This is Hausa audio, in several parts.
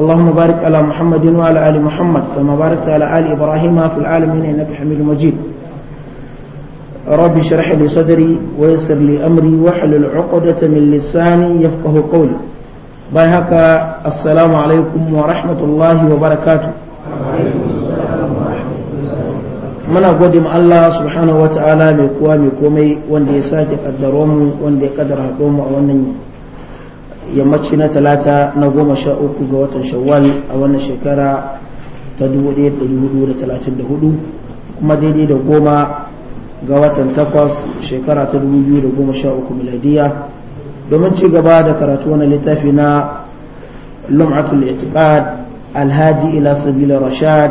اللهم بارك على محمد وعلى آل محمد كما باركت على آل إبراهيم في العالمين إنك حميد مجيد رب اشرح لي صدري ويسر لي أمري واحلل عقدة من لساني يفقه قولي باي هكا السلام عليكم ورحمة الله وبركاته muna gode ma Allah subhanahu wa ta'ala mai kowa mai komai wanda ya sake kaddaro mu wanda ya kaddara haɗo mu a wannan yammaci na talata na goma sha uku ga watan shawwal a wannan shekara ta 1434 kuma daidai da goma ga watan takwas shekara ta 2013 miladiya domin ci gaba da karatu wani littafi na lum'atul itiqad alhaji ila sabila rashad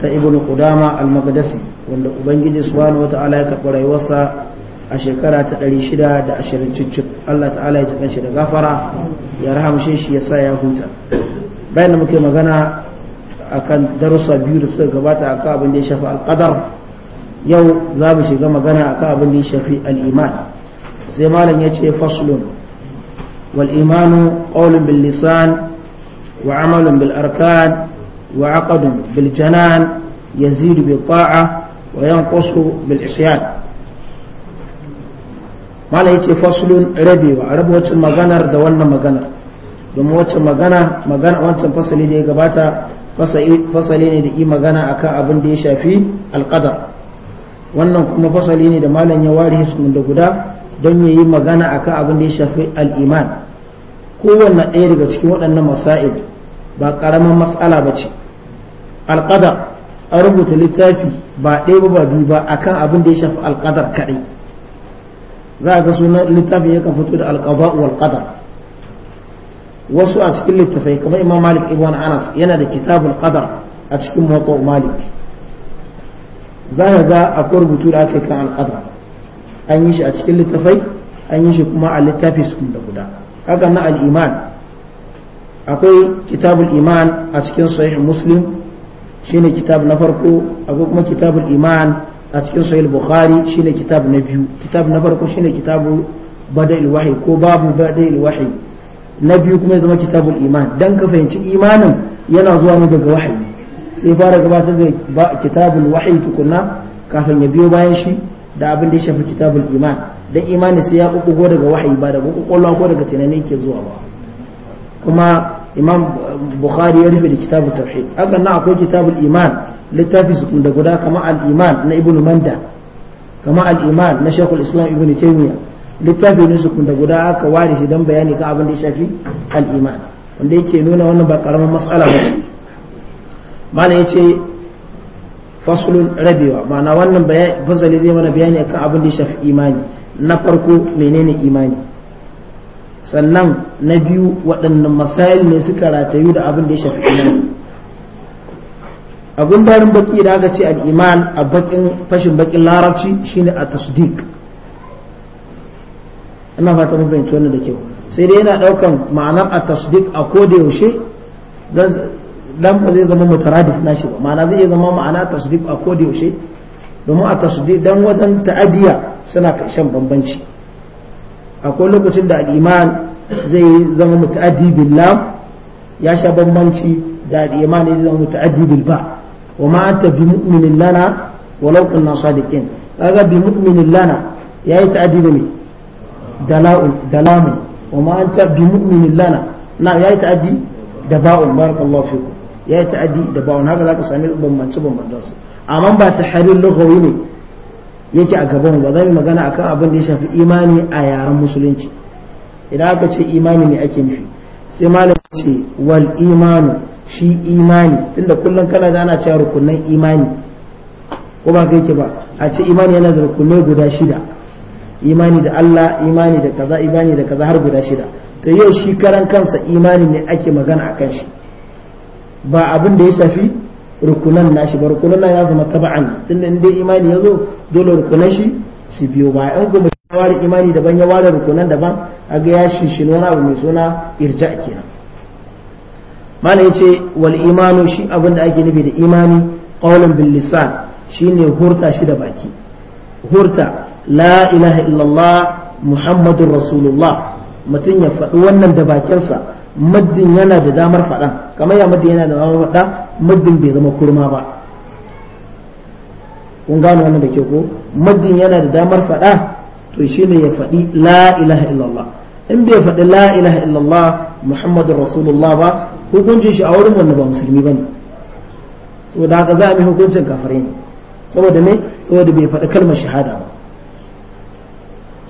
ta ibn qudama al magadasi wanda ubangiji subhanahu wata'ala ya karɓi rayuwarsa a shekara ta shida da ɗari ashirin cicci Allah ta'ala ya jikan shi da gafara ya rahamshe shi ya sa ya huta bayan da muke magana a kan darussa biyu da suka gabata a kan abin da ya shafi alƙadar yau za mu shiga magana a akan abin da ya shafi al'iman sai malam ya ce faslun wal'imanu imanu bil lisan wa amalun bil arkan wa aqdun bil janan yazidu bil ta'a wa yanqusu bil isyan mala yace faslun rabewa a wacce maganar da wannan maganar domin wacce magana magana wancan fasali da ya gabata fasali ne da yi magana akan abin da ya shafi alqadar wannan kuma fasali ne da malam ya ware su da guda don ya yi magana akan abin da ya shafi al'iman kowanne ɗaya daga cikin waɗannan masa'il ba ƙaramin matsala ba ce alƙadar an rubuta littafi ba ɗaya ba biyu ba akan abin da ya shafi alqadar kaɗai za ga sunan littafin yakan fito da alqada wal qadar wasu a cikin littafai kamar imam malik ibn anas yana da kitabul qadar a cikin muwatta malik za ka ga akwai rubutu da aka kan alƙadar an yi shi a cikin littafai an yi shi kuma a littafi su da guda haka na al-iman akwai kitabul iman a cikin sahih muslim shine kitab na farko akwai kuma kitabul iman a cikin sahih bukhari shine kitab na biyu kitab na farko shine kitabu bada'il wahyi ko babu bada'il wahyi na biyu kuma ya zama kitabul iman dan ka fahimci imanin yana zuwa ne daga wahayi sai fara gabatar da kitabul wahyi tukunna kafin ya biyo bayan shi da abin da ya shafi kitabul iman dan imani sai ya kokko daga wahyi ba daga kokko ko daga tunani yake zuwa ba kuma imam bukhari ya rufe da kitabul tauhid haka nan akwai kitabul iman littafi su da guda kama al iman na ibn manda kama al iman na shekul islam ibn taymiya littafi ne su da guda aka ware shi dan bayani kan abin da ya shafi al iman wanda yake nuna wannan ba karamin matsala ba malam yace faslun rabiwa ma'ana wannan fazali zai mana bayani akan abin da ya shafi imani na farko menene imani sannan na biyu waɗannan masayil ne suka ratayu da abin da ya shafi ina abin barin baki da aka ce al'iman a bakin fashin bakin larabci shine a tasdik ina fata mun fahimci wannan da kyau sai dai yana ɗaukan ma'anar a tasdik a koda yaushe dan ba zai zama mutaradif na shi ba ma'ana zai zama ma'ana tasdik a koda yaushe domin a tasdik dan wajen ta'adiya suna shan bambanci akwai lokacin da al'iman zai zama muta'addi bil lam ya sha bambanci da al'iman ya zama muta'addi bil ba wa ma anta bi mu'minin lana walau kunna sadiqin kaga bi mu'minin lana yayi ta'addi da me dala'un dalamun wa ma anta bi mu'minin lana na yayi ta'addi da ba'un barakallahu ya yayi ta'addi da ba'un haka za zaka sami bambance bambancen amma ba ta tahrir lughawi ne yake a gaban ba zan yi magana akan abin da ya shafi imani a yaren musulunci idan aka ce imani ne ake nufi sai malam ce wal imanu shi imani tunda kullum kana da ana cewa rukunan imani ko ba kai ke ba a ce imani yana da rukunai guda shida imani da Allah imani da kaza imani da kaza har guda shida to yau shi karan kansa imani ne ake magana akan shi ba abin da ya shafi rukunan nashi ba rukunan ya zama taba'an tunda in dai imani ya zo dole rukunan shi su biyo ba an kuma ware imani daban ya ware rukunan daban a ga ya shi wani abu mai suna irja kenan malam yace wal imanu shi abin da ake nufi da imani qaulan bil lisan shine hurta shi da baki hurta la ilaha illallah muhammadur rasulullah mutum ya faɗi wannan da bakinsa maddin yana da damar faɗan kamar ya maddin yana da damar fada maddin bai zama kurma ba kun gano wannan da ke ko maddin yana da damar faɗa to ne ya faɗi la ilaha illallah in bai faɗi la ilaha illallah muhammadur rasulullah ba hukuncin shi a wurin wanda ba musulmi bane saboda haka za a mai hukuncin kafare ne saboda ne saboda bai faɗi kalmar shahada ba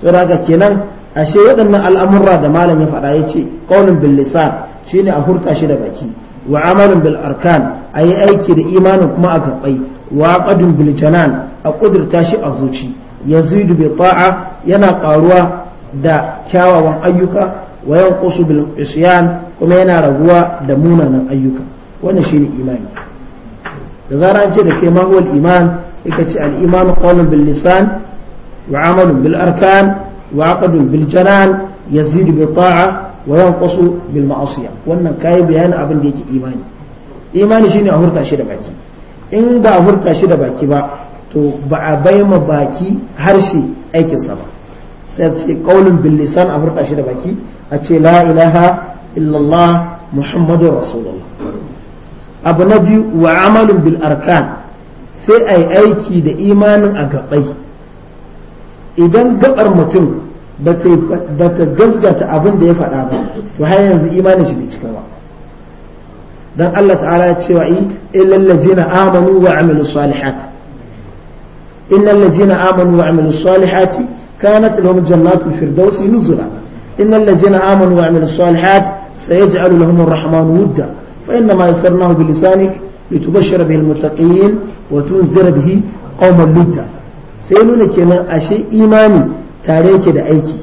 saboda haka kenan ashe waɗannan al'amurra da malam ya faɗa ya ce ƙaunin bil lisan ne a hurta shi da baki wa amalin bil arkan a yi aiki da imanin kuma a karɓai wa ƙadin bil janan a ƙudurta shi a zuci zuidu bi ta'a yana ƙaruwa da kyawawan ayyuka wa ƙusu bil isyan kuma yana raguwa da munanan ayyuka wannan ne imani da zara an ce da ke ma iman yake ce al iman ƙaunin bil lisan wa amalin bil arkan وعقد بالجنان يزيد بالطاعة وينقص بالمعصية wannan kayi bayanin abin da yake imani imani shine a hurta shi da baki in ba a hurta shi da baki ba to ba a bai ma baki harshe aikinsa ba sai ce qaulun bil lisan a hurta shi da baki a ce la ilaha illallah muhammadur rasulullah abu na biyu wa amalun bil arkan sai ai aiki da imanin a gaɓai. idan gabar mutum ba ta gasgata abin da ya faɗa ba to har yanzu imanin shi bai cika ba dan Allah ta'ala ya ce wa in illal ladzina amanu wa amilus salihat illal ladzina amanu wa amilus salihat kanat lahum jannatu firdaus nuzula innal ladzina amanu wa amilus salihat sayaj'alu lahum ar-rahmanu wudda fa inna ma yassarnahu bilisanik litubashshira bihi al-muttaqin wa tunzira bihi qauman ludda sai nuna kenan ashe imani tare yake da aiki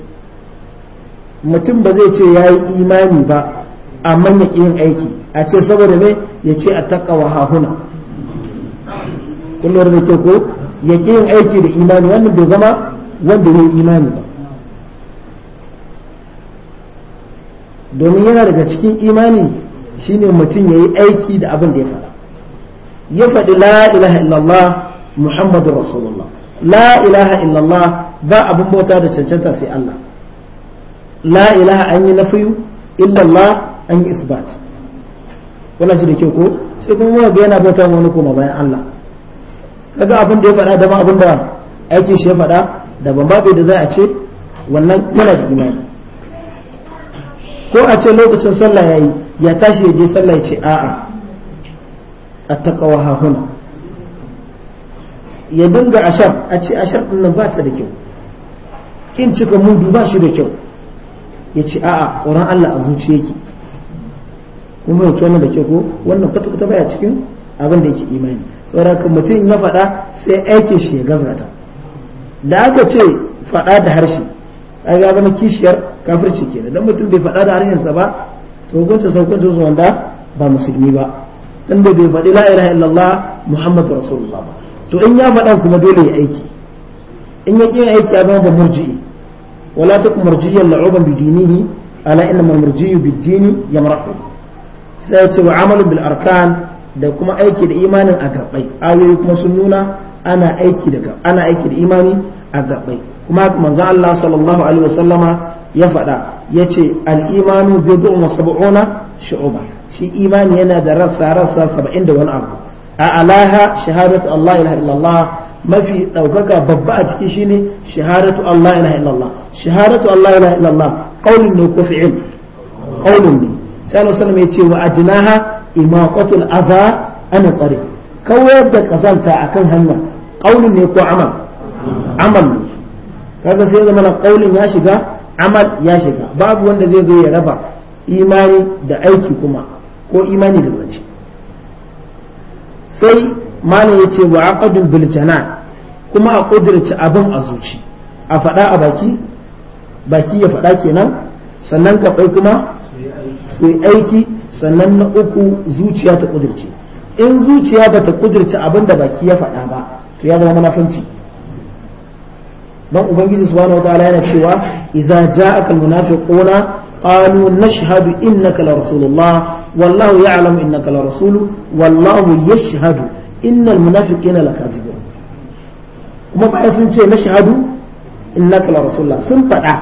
mutum ba zai ce ya yi imani ba amma ya yin aiki a ce saboda ne ya ce a wa hahuna kullum da ke ko ya yin aiki da imani wannan bai zama wanda ya yi imani ba domin yana daga cikin imani shine mutum ya yi aiki da abin da ya faɗa ya faɗi la ilaha illallah muhammadu rasulullah la ilaha illallah ba abin bauta da cancanta sai Allah la ilaha an yi nafiyu illallah an yi isbat wannan ji da ke ko sai kuma wani ga yana bauta ma wani kuma bayan Allah kaga abin da ya faɗa da ma abin da aikin shi ya faɗa da ban da za a ce wannan yana da imani ko a ce lokacin sallah yayi ya tashi ya je sallah ya ce a'a attaqwa hahuna ya dinga ashar a ce ashar din nan ba ta da kyau kin cika mudu ba shi da kyau ya ce a'a tsoron Allah a zuci yake kuma yau wannan da kyau ko wannan kwata kwata baya cikin abin da yake imani tsoron kan mutum ya faɗa sai aikin shi ya gazata da aka ce faɗa da harshe ai ga zama kishiyar kafirci kenan dan mutum bai faɗa da harshensa ba to hukunta saukunta zuwa da ba musulmi ba dan da bai faɗi la ilaha illallah muhammadu rasulullah ba to in ya faɗa kuma dole ya aiki in ya ƙi aiki ya zama ba murji'i wala takum murji'an la'uban bi dinihi ala inna murji'u bi dini yamrahu sai ya ce wa amalu bil arkan da kuma aiki da imanin a gabbai ayoyi kuma sun nuna ana aiki da ana aiki da imani a gabbai kuma haka manzo Allah sallallahu alaihi wasallama ya faɗa yace al imanu bid'un wa sab'una shu'ba shi imani yana da rassa rassa saba'in da wani abu a alaha shahadatu Allah ilaha illallah mafi ɗaukaka babba a ciki shine shahadatu Allah ilaha illallah shahadatu Allah ilaha illallah qaulun ne ko fi'il qaulun ne sai Allah sallama yace wa ajnaha imaqatul adha an tariq kawai da kazanta akan hanya qaulun ne ko amal amal ne kaga sai zama na qaulun ya shiga amal ya shiga babu wanda zai zo ya raba imani da aiki kuma ko imani da zance sai malam ce wa aqadul bil kuma a kudirci abin a zuci a faɗa a baki baki ya faɗa kenan sannan ka kai kuma su aiki sannan na uku zuciya ta kudirce in zuciya ba ta kudirce abin da baki ya faɗa ba to ya zama munafunci dan ubangiji subhanahu wataala yana cewa idza ja'aka ƙona. قالوا نشهد إنك لرسول الله والله يعلم إنك لرسول والله يشهد إن المنافقين لكاذبون kuma bayan sun ce na shahadu innaka la rasulullah sun faɗa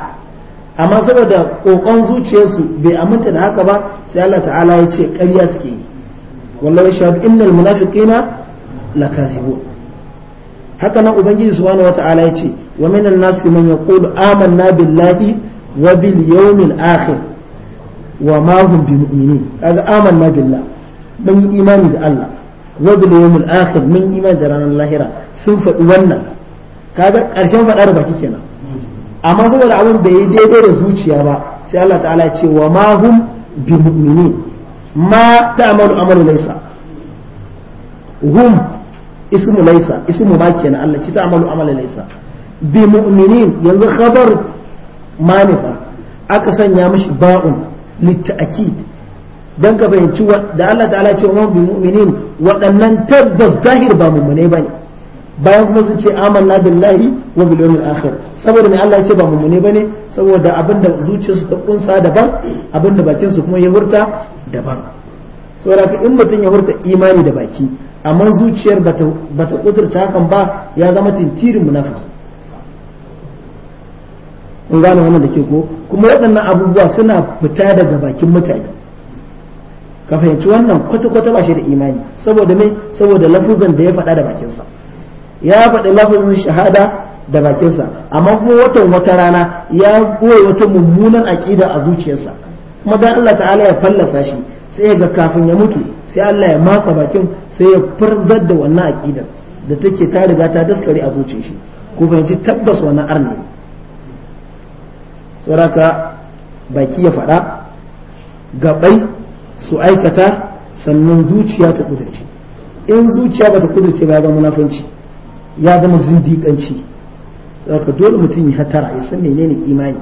amma saboda kokon zuciyarsu bai aminta da haka ba sai Allah ta'ala ya ce ƙarya suke yi wallahi shahadu innal munafiqina la kadhibun haka nan ubangiji subhanahu wata'ala ya ce wa minan nas man yaqulu amanna billahi wa bil yawmil akhir wa ma hum bi mu'minin kaga amanna billah mun imani da Allah wa bil yawmil akhir mun imani da ranar lahira sun faɗi wannan kaga ƙarshen faɗar da baki kenan amma saboda abin bai yi daidai da zuciya ba sai Allah ta'ala ya ce wa ma hum bi mu'minin ma ta'malu amalu hum ismu laysa ismu ma kenan Allah amala bi yanzu kabar. manifa aka sanya mashi ba'un litta'akid dan ka fahimci da Allah ta'ala ce wa bi mu'minin waɗannan tabbas zahir ba mummune bane bayan kuma sun ce amanna billahi wa bil yawmil akhir saboda mai Allah ya ce ba mummune bane saboda abinda zuciyarsu ta kunsa daban abinda bakin su kuma ya hurta daban saboda ka in mutum ya hurta imani da baki amma zuciyar bata bata kudurta hakan ba ya zama tintirin munafiki in gane wannan da ke ko kuma waɗannan abubuwa suna fita daga bakin mutane ka fahimci wannan kwata-kwata ba shi da imani saboda mai saboda lafuzan da ya faɗa da bakinsa ya faɗi lafuzin shahada da bakinsa amma kuma watan wata rana ya goye wata mummunan aƙida a zuciyarsa kuma dan Allah ta'ala ya fallasa shi sai ga kafin ya mutu sai Allah ya matsa bakin sai ya farzar da wannan aƙidar da take ta riga ta daskare a zuciyar shi ku fahimci tabbas wannan arna saboda baki ya faɗa gabai su aikata sannan zuciya ta kudurce in zuciya bata kudurce ba ya zama munafanci ya zama zindiƙanci saboda dole mutum ya hatara ya san menene imani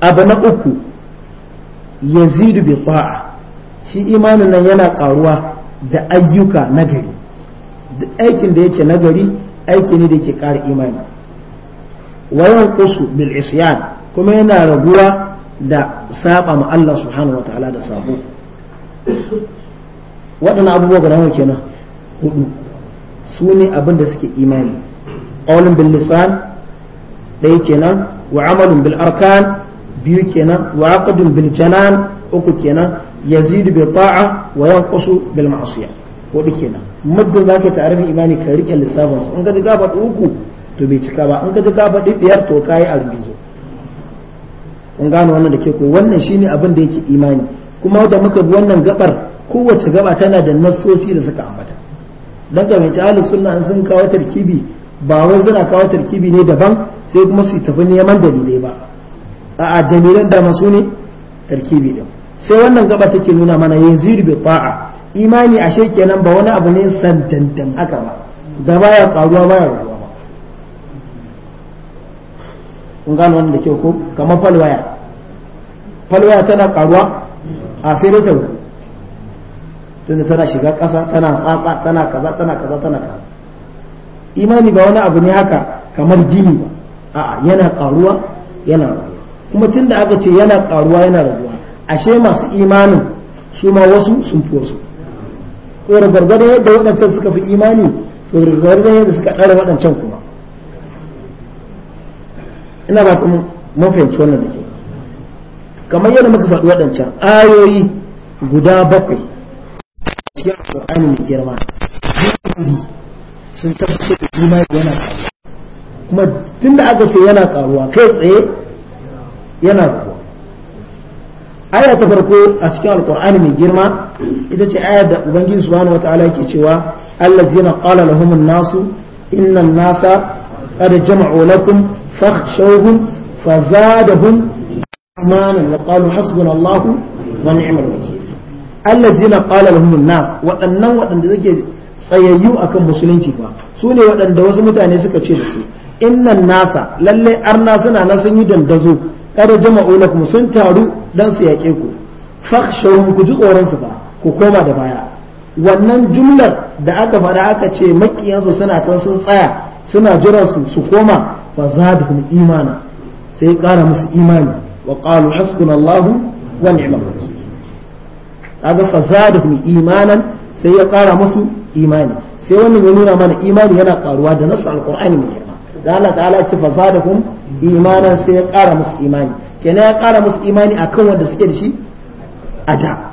abu na uku yazidu bi ta'a shi imanin nan yana karuwa da ayyuka nagari aikin da yake nagari aiki ne da yake ƙara imani wayan kusu bil isyan kuma yana raguwa da saba ma Allah subhanahu wa ta'ala da sabo waɗannan abubuwa guda nawa kenan hudu su ne abin da suke imani qawlun bil lisan ɗaya kenan wa amalun bil arkan biyu kenan wa aqdun bil janan uku kenan yazidu bi ta'a wa yanqusu bil ma'siyah hudu kenan muddin zaka ta'arifi imani ka rike lissafin in ga gaba uku to bai cika ba in ka ji ka faɗi biyar to yi a rubizo kun gane wannan da ke koyi wannan shine abin da yake imani kuma da muka bi wannan gabar kowace gaba tana da nasosi da suka ambata dan ga mai ahlus sunna an sun kawo tarkibi ba wai suna kawo tarkibi ne daban sai kuma su tafi neman dalilai ba a dalilan da masu ne tarkibi din sai wannan gaba take nuna mana yanzu bi ta'a imani ashe kenan ba wani abu ne santantan haka ba da baya karuwa baya ruwa. kun gano wannan da kyau ko kamar falwaya falwaya tana karuwa a sai dai tauri tunda tana shiga ƙasa tana tsatsa tana kaza tana kaza tana kaza imani ba wani abu ne haka kamar jini ba a'a yana karuwa yana raguwa kuma tunda aka ce yana karuwa yana raguwa ashe masu imanin su ma wasu sun fi wasu ko gargada yadda waɗancan suka fi imani to gargada yadda suka ɗara waɗancan kuma ina ba mun fahimci wannan da ke kamar yadda muka faɗi waɗancan ayoyi guda bakwai cikin alƙur'ani mai girma sun tabbatar da imani yana kuma tun da aka ce yana karuwa kai tsaye yana karuwa aya ta farko a cikin alƙur'ani mai girma ita ce aya da ubangiji subhanahu wataala yake cewa allazina qala lahumun nasu innan nasa qad jama'u lakum فاخشوهم فزادهم إيمانا وقالوا حسبنا الله ونعم الوكيل الذين قال لهم الناس waɗannan waɗanda suke tsayayyu akan musulunci ba su ne waɗanda wasu mutane suka ce da su innan nasa lallai arna suna nan sun yi dandazo kada jama'u lakum sun taru dan su yaƙe ku fakhshawhum ku ji tsoron su ba ku koma da baya wannan jumlar da aka faɗa aka ce makiyansu suna can sun tsaya suna jiran su su koma fa zaduhum imana sai ya kara musu imani wa qalu hasbunallahu wa ni'mal wakeel kaga fa imanan sai ya kara musu imani sai wannan ya nuna mana imani yana karuwa da nasu alqur'ani mai girma da Allah ta'ala ce fa imanan sai ya kara musu imani kenan ya kara musu imani akan wanda suke da shi a da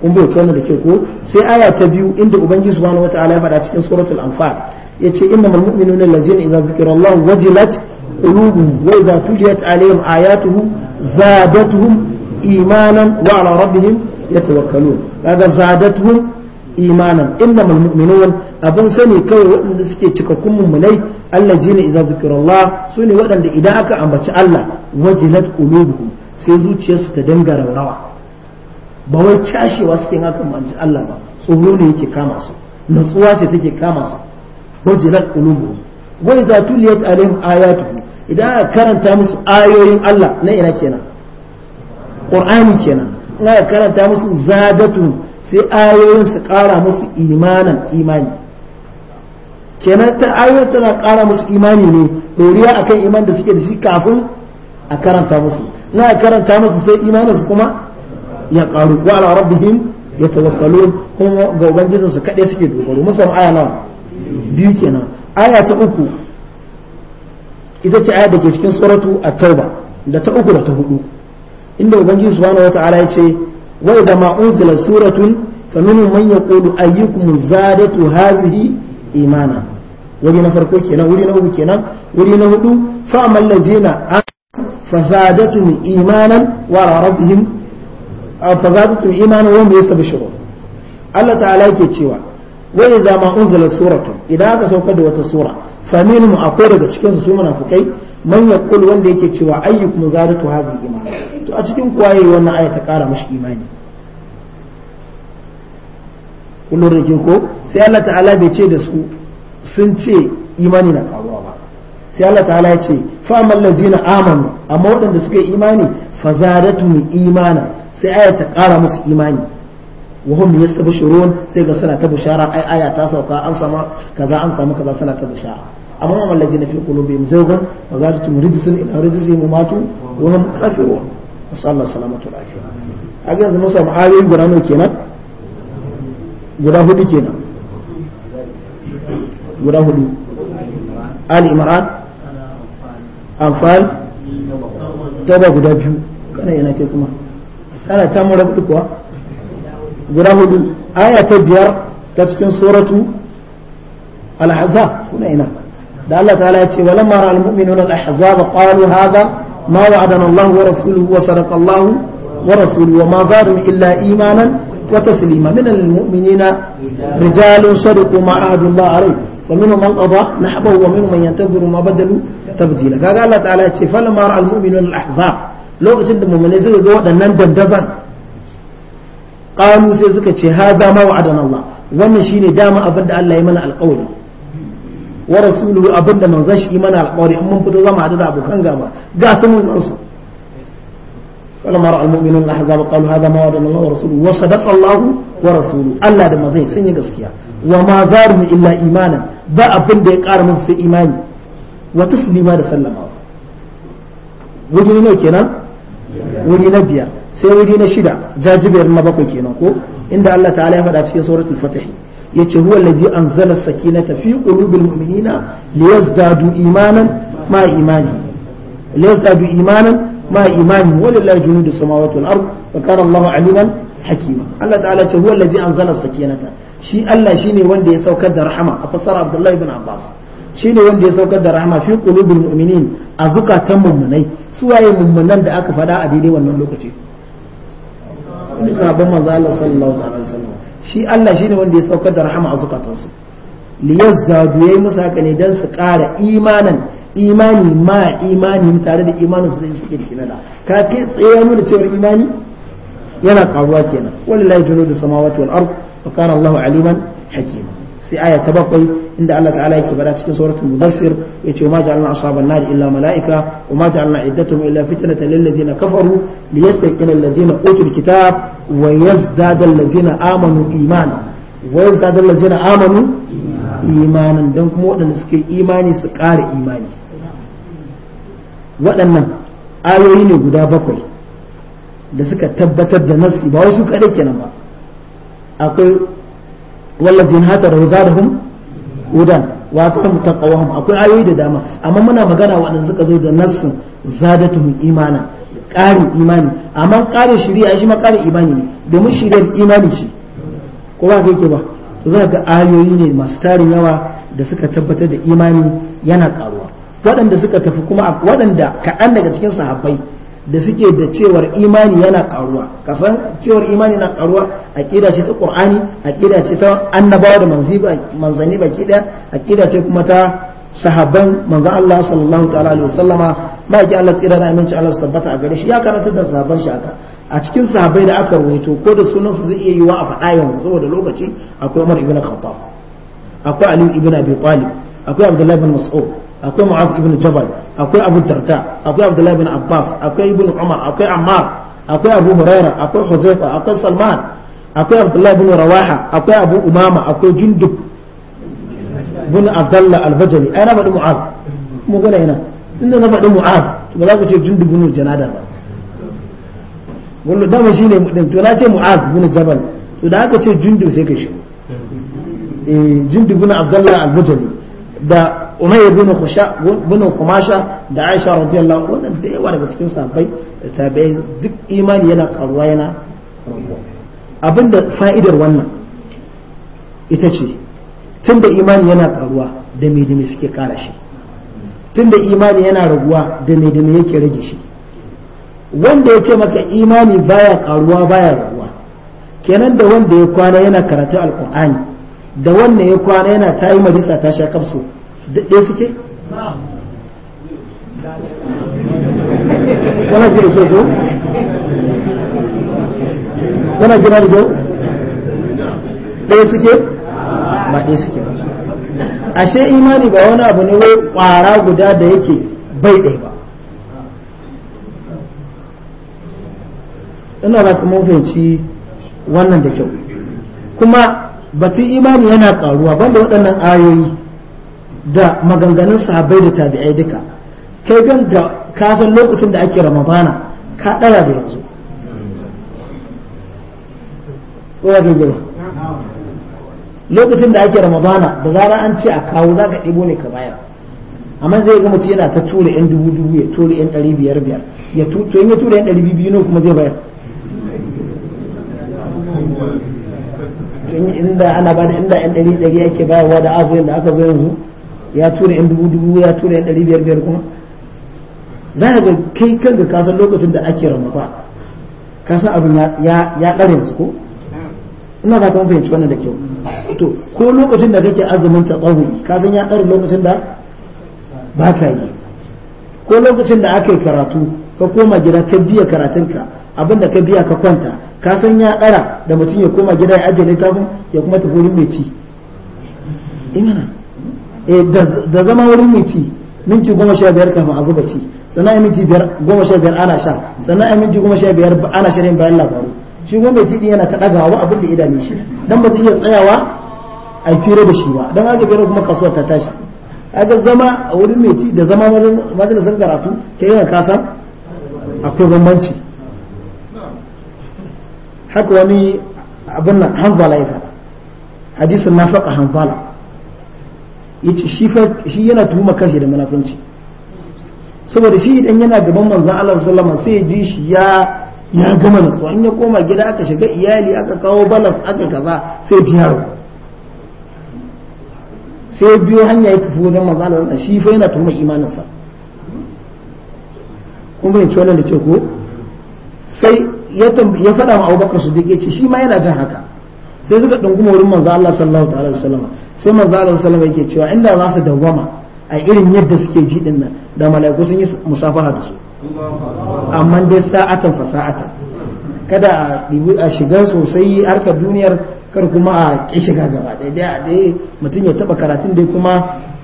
kun da kyau ko sai aya ta biyu inda ubangiji subhanahu wataala ya faɗa cikin suratul anfal yace innamal mu'minuna allazina idza zikra Allah wajilat qulubuhum wa idza tuliyat alaihim ayatuhu zadatuhum imanan wa ala rabbihim yatawakkalun kaga zadatuhum imanan innamal mu'minun abun sani kawai waɗanda suke cikakkun mummunai allazina idza zikrullah sune waɗanda idan aka ambaci Allah wajilat qulubuhum sai zuciyarsu ta danga rawa ba wai cashewa suke yin aka ambaci Allah ba tsoro ne yake kama su natsuwa ce take kama su wajilat qulubuhum wa idza tuliyat alaihim ayatuhu idan aka karanta musu ayoyin Allah na ina kenan qur'ani kenan ina aka karanta musu zadatu sai ayoyin su kara musu imanan imani kenan ta ayoyin tana kara musu imani ne doriya akan iman da suke da shi kafin a karanta musu in karanta musu sai imanin su kuma ya karu wa ala rabbihim yatawakkalun kuma ga su kaɗai suke dogaro musamman aya nawa biyu kenan aya ta uku ita ce aya da ke cikin tsoratu a tauba da ta uku da ta hudu inda ubangiji subhanahu ta'ala ya ce wa idza ma unzila suratun faminhum man yaqulu ayyukum zadatu hadhihi imana wuri na farko kenan wuri na uku kenan wuri na hudu fa amal ladina فزادتهم إيمانا وعلى ربهم فزادتهم إيمانا وهم allah ta'ala تعالى cewa. wa idza ma unzila suratun idan aka saukar da wata sura fa minhum akwai daga cikin su su munafikai man yaqul wanda yake cewa ayyukum zadatu hadhi iman. to a cikin kwaye wannan aya ta kara mashi imani kullum da ke ko sai Allah ta'ala bai ce da su sun ce imani na karuwa ba sai Allah ta'ala ya ce fa ladzina amanu amma waɗanda suka yi imani fa mu imana sai aya ta kara musu imani wa hum yastabshirun sai ga suna ta bushara aya ta sauka an samu kaza an samu kaza suna ta bushara amma man ladina fi qulubihim zawgan wa zalatum rijsun ila rijsihim matu wa hum kafirun sallallahu salamatu lafiya a ga yanzu mun samu ayoyi guda nawa kenan guda hudu kenan guda hudu ali imran anfal tauba guda biyu kana yana kai kuma kana ta mu rabu kuwa guda hudu aya ta biyar ta cikin suratu al-ahzab kuna ina da Allah ta'ala ya ce wa lamma ra'al mu'minuna al-ahzab qalu hadha ma wa'adana Allah wa rasuluhu wa sadaqa Allah wa rasuluhu wa ma zadahum illa imanan wa taslima min al-mu'minina rijalun sadaqu ma ahadu Allah alayhi wa minhum man qada nahbahu wa min man yantazir ma badalu tabdila kaga Allah ta'ala ya ce falamma ra'al mu'minuna al-ahzab lokacin da mu'minai suka ga waɗannan dandazan qalu sai suka ce hadha ma wa'adana Allah wannan shine dama abin da Allah ya mana alƙawari wa rasuluhu abin da manzon shi mana alƙawari in mun fito zama hadu da abokan gaba ga sun mun gansu فلما راى المؤمنون الاحزاب قالوا هذا wa وعدنا الله ورسوله وصدق wa ورسوله Allah da manzon sun yi gaskiya wa ma zaru illa imanan ba abin da ya ƙara musu sai imani wa taslima da sallama wuri ne kenan wuri na biyar sai wuri na shida jajibiyar na bakwai kenan ko inda Allah ta'ala ya faɗa cikin suratul fatih yace huwa allazi anzala sakinata fi qulubil mu'minina liyazdadu imanan ma imani liyazdadu imanan ma imani walillahi junudus samawati wal ard wa kana Allahu aliman hakima Allah ta'ala ce huwa allazi anzala sakinata shi Allah shine wanda ya saukar da rahama a fasara Abdullahi ibn Abbas shine wanda ya saukar da rahama fi qulubil mu'minin a zukatan mummunai su waye mummunan da aka faɗa a daidai wannan lokaci sahabban manzo Allah sallallahu alaihi wasallam shi Allah shine wanda ya saukar da rahama a zukatansu liyazdadu yayi musa haka ne dan su kara imanan imani ma imani tare da imanin su da suke da kinada ka kai tsaye mu da cewa imani yana karuwa kenan wallahi junudu samawati wal ard wa kana Allahu aliman hakima sai aya ta bakwai inda Allah ta'ala yake bada cikin suratul mudaththir yace ma ja'alna ashaban nar illa malaika wa ma ja'alna iddatuhum illa fitnatan lil ladina kafaru liyastaqina alladhina utul kitab wa yazdada alladhina amanu imana wa yazdada alladhina amanu imanan dan kuma wadanda suke imani su ƙara imani waɗannan ayoyi ne guda bakwai da suka tabbatar da nasi ba wasu kaɗai kenan ba akwai wallazina hataru zadahum udan wa atam taqawahum akwai ayoyi da dama amma muna magana waɗanda suka zo da nassin zadatu imana ƙarin imani amma ƙarin shari'a shi ma ƙarin imani ne domin shari'ar imani shi ko ba kai ba za ga ayoyi ne masu tarin yawa da suka tabbatar da imani yana ƙaruwa waɗanda suka tafi kuma waɗanda kaɗan daga cikin sahabbai da suke da cewar imani yana karuwa kasan cewar imani yana karuwa aqida ce ta qur'ani aqida ce ta annabawa da manzanni baki a aqida ce kuma ta sahabban manzan Allah sallallahu ta'ala alaihi wasallama ba ki Allah tsira da aminci Allah su tabbata a gare shi ya karanta da sahabban shi aka a cikin sahabbai da aka rawaito ko da sunan su zai iya yiwa a faɗa yanzu saboda lokaci akwai Umar ibn Khattab akwai Ali ibn Abi Talib akwai Abdullah ibn Mas'ud akwai mu'az ibn jabal akwai abu darda akwai abdullahi ibn abbas akwai ibn umar akwai ammar akwai abu huraira akwai huzaifa akwai salman akwai abdullahi ibn rawaha akwai abu umama akwai jundub ibn abdullah al-bajali ai na faɗi mu'az mu gane ina na faɗi mu'az ba za ku ce jundub ibn janada ba wallo dama shine to na ce mu'az ibn jabal to da aka ce jundub sai ka eh jundub ibn abdullah al-bajali da Umar bin khusha bin kumasha da aisha radiyallahu wannan da yawa daga cikin sahabbai da tabi'ai duk imani yana karuwa yana rabuwa abinda fa'idar wannan ita ce tunda imani yana karuwa da me da me suke kara shi tunda imani yana raguwa da me da me yake rage shi wanda ya ce maka imani baya karuwa baya raguwa kenan da wanda ya kwana yana karatu alqur'ani da wannan ya kwana yana ta yi marisa ta sha kafso ɗaya suke? wana ji da ke ko? wana ji da ko? ɗaya suke? ba ɗaya suke ba ashe imani ba wani abu ne wai ƙwara guda da yake bai ɗaya ba ina ba kuma fahimci wannan da kyau kuma batun imani yana karuwa banda waɗannan ayoyi da maganganun sahabbai da tabi'ai duka kai gan da ka san lokacin da ake ramadana ka ɗara da yanzu lokacin da ake ramadana da zara an ce a kawo za ka ɗibo ne ka bayar amma zai ga mutum yana ta tura yan dubu dubu ya tura yan ɗari biyar biyar ya tura yan ɗari biyu kuma zai bayar inda ana bada inda yan ɗari ɗari ake bayarwa da azuyin da aka zo yanzu ya tura yan dubu dubu ya tura yan ɗari biyar biyar kuma za ka ga kai kan ka san lokacin da ake ramata ka san abin ya ya ɗare yanzu ko ina ba ta fahimci wannan da kyau to ko lokacin da kake azumin ta tsawi ka san ya ɗare lokacin da ba ka yi ko lokacin da aka yi karatu ka koma gida ka biya karatunka abinda ka biya ka kwanta ka san ya ɗara da mutum ya koma gida ya ajiye littafin ya kuma tafi wurin mai ci Eh, eh da zama wurin mai ci minti goma sha biyar kafin a zuba ci sannan ya minti goma sha biyar ana sha sannan ya minti goma sha biyar ana shirin bayan labaru shi goma mai tiɗi yana ta ɗaga wa abin da idanun shi dan ba zai iya tsayawa a fira da shi ba don aka fira kuma kasuwar ta tashi aka zama a wurin mai da zama wurin majalisar karatu ta yi kasa akwai bambanci haka wani abin nan hanzala ya faɗa hadisin na faka hanzala ya ce shi yana tuhuma kashe da munafunci saboda shi idan yana gaban manzan Allah sallama sai ya ji shi ya ya gama nutsuwa in ya koma gida aka shiga iyali aka kawo balas aka kaza sai ji yaro sai biyo hanya ya tafi wajen manzan Allah shi fa yana tuhuma imaninsa kun ci wannan da ke ko sai ya ya faɗa wa Abubakar Siddiq yace shi ma yana jin haka sai suka dunguma wurin manzo Allah sallallahu alaihi wasallam sai manzo Allah sallallahu alaihi wasallam yake cewa inda za su dawwama a irin yadda suke ji din nan da mala'iku sun yi musafaha da su amma dai sa'atan fa sa'atan kada a shiga sosai harkar duniyar kar kuma a ƙi shiga gaba ɗaya dai mutum ya taɓa karatun dai kuma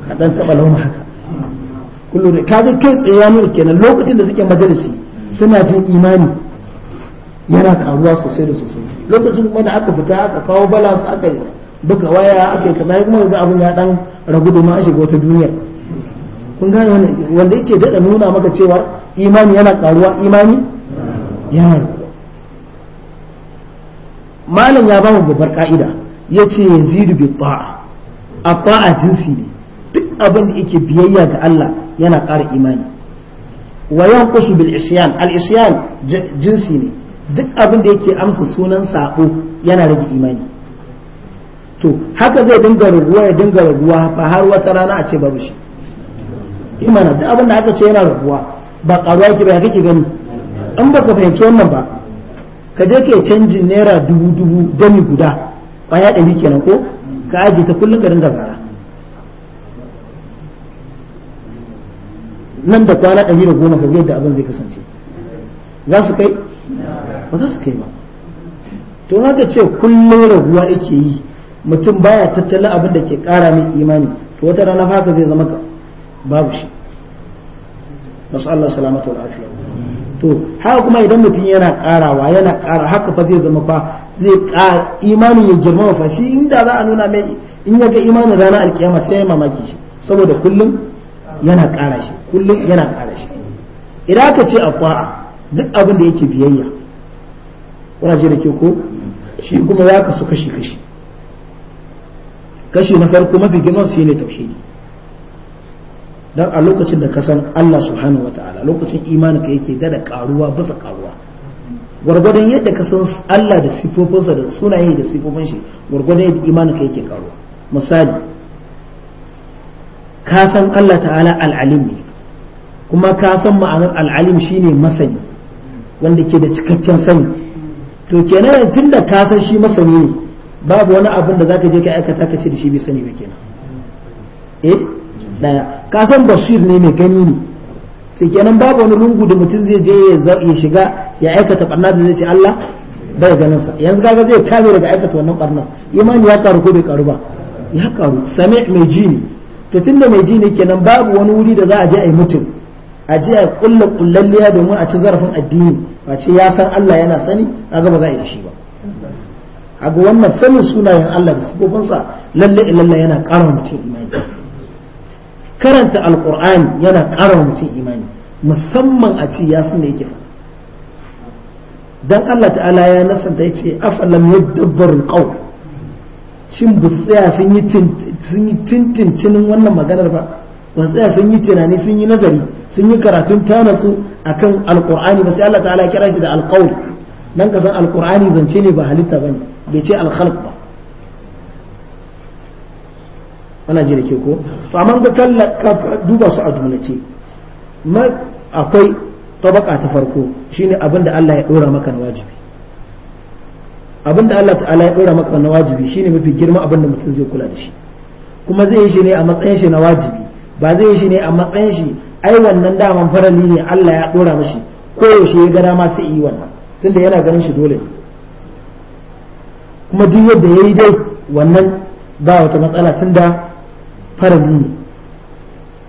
ka ɗan taɓa launa haka kullum da kaga kai tsaye kenan lokacin da suke majalisi suna jin imani yana karuwa sosai da sosai lokacin kuma da aka fita aka kawo balas aka buga waya aka yi kaza kuma ga abin ya dan da domin a shiga wata duniya kun gane wannan wanda yake daɗa nuna maka cewa imani yana karuwa imani yana malam ya bamu babbar ka'ida yace yazidu bi ta'a a ta'a jinsi ne duk abin da yake biyayya ga Allah yana ƙara imani wa yanqusu bil isyan al isyan jinsi ne duk abin da yake amsa sunan sabo yana rage imani to haka zai dinga raguwa ya dinga raguwa ba har wata rana a ce babu shi imana eh duk abin da aka ce yana raguwa ba karuwa yake ba ya kake gani an baka fahimci wannan ba ka je ke canjin naira dubu dubu dami guda kwaya ɗari kenan ko ka aje ta kullum ka dinga zara nan da kwana ɗari da goma ka ga yadda abin zai kasance za su kai ba za su kai ba to haka ce kullum rabuwa yake yi mutum baya tattalin abin da ke kara mai imani to wata rana haka zai zama ka babu shi nasu Allah salamatu wa afiya to haka kuma idan mutum yana karawa yana kara haka fa zai zama fa zai kara imani ya girma fa shi inda za a nuna mai in ya ga imanin ranar alkiyama sai ya mamaki shi saboda kullum yana kara shi kullum yana kara shi idan aka ce a duk abin da yake biyayya kuna ji da ke ko shi kuma ya kasu kashi kashi kashi na farko mafi girman su ne tauhidi don a lokacin da ka san Allah subhanahu ta'ala lokacin imanin ka yake dada karuwa bisa karuwa gwargwadon yadda ka san Allah da sifofinsa da sunaye da sifofin shi gwargwadon yadda imanin ka yake karuwa misali ka san Allah ta'ala al'alim ne kuma ka san ma'anar al'alim shine masani wanda ke da cikakken sani to kenan tun da ka san shi masani ne babu wani abin da zaka je ka aikata ka ce da shi bai sani ba kenan eh daya ka san bashir ne mai gani ne to kenan babu wani lungu da mutum zai je ya shiga ya aikata barna da zai ce Allah bai ganin sa yanzu kaga zai kame daga aikata wannan barna imani ya karu ko bai karu ba ya karu sami mai ji ne to tunda mai ji ne kenan babu wani wuri da za a je a yi mutum a ji a kulle kullalliya domin a ci zarafin addini ba ce ya san Allah yana sani a gaba za a yi shi ba A ga wannan sanin sunayen Allah da sifofinsa lalle lalle yana ƙara mutum imani karanta Alƙur'ani yana ƙara mutum imani musamman a ci ya san da yake dan Allah ta'ala ya nasanta yace afalam yadabbarul qawl shin bu tsaya sun yi tintintinin wannan maganar ba ban tsaya sun yi tunani sun yi nazari sun yi karatun tanasu akan alqur'ani ba sai Allah ta'ala ya kira shi da alqaul dan ka san alqur'ani zance ne ba halitta bane bai ce alkhalq ba ana ji da ke ko to amma ga kalla duba su a dunace ma akwai tabaka ta farko shine abinda Allah ya dora maka na wajibi abinda Allah ta'ala ya dora maka na wajibi shine mafi girma abinda mutum zai kula da shi kuma zai yi shi ne a matsayin shi na wajibi ba zai yi shi ne a matsayin shi ai wannan daman farali ne Allah ya dora mashi ko yaushe ya gana ma sai yi wannan tunda yana ganin shi dole kuma duk yadda yayi dai wannan ba wata matsala tunda farali ne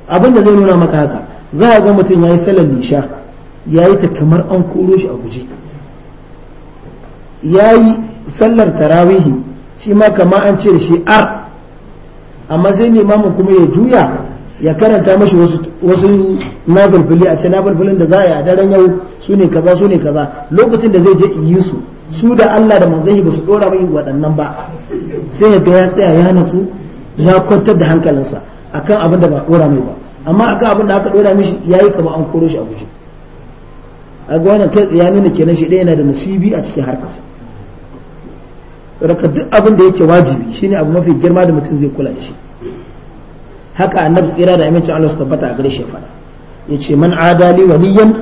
abin da zai nuna maka haka za a ga mutum yayi salar nisha yayi ta kamar an koro shi a guje yayi sallar tarawihi shi ma kama an ce da shi a amma sai ne mamu kuma ya juya ya karanta mashi wasu wasu a ce da za a yi a daren yau su ne kaza su ne kaza lokacin da zai je yi su su da Allah da manzanni ba su dora mai waɗannan ba sai ya ya tsaya ya nasu ya kwantar da hankalinsa akan abin da ba dora mai ba amma akan abin da aka dora ya yi kamar an koro shi a guji. a ga wannan kai ya nuna kenan shi ɗaya yana da nasibi a cikin harkarsa raka duk abin da yake wajibi shine abu mafi girma da mutum zai kula da shi haka annabi tsira da amincin Allah su tabbata a gare shi faɗa yace man adali waliyan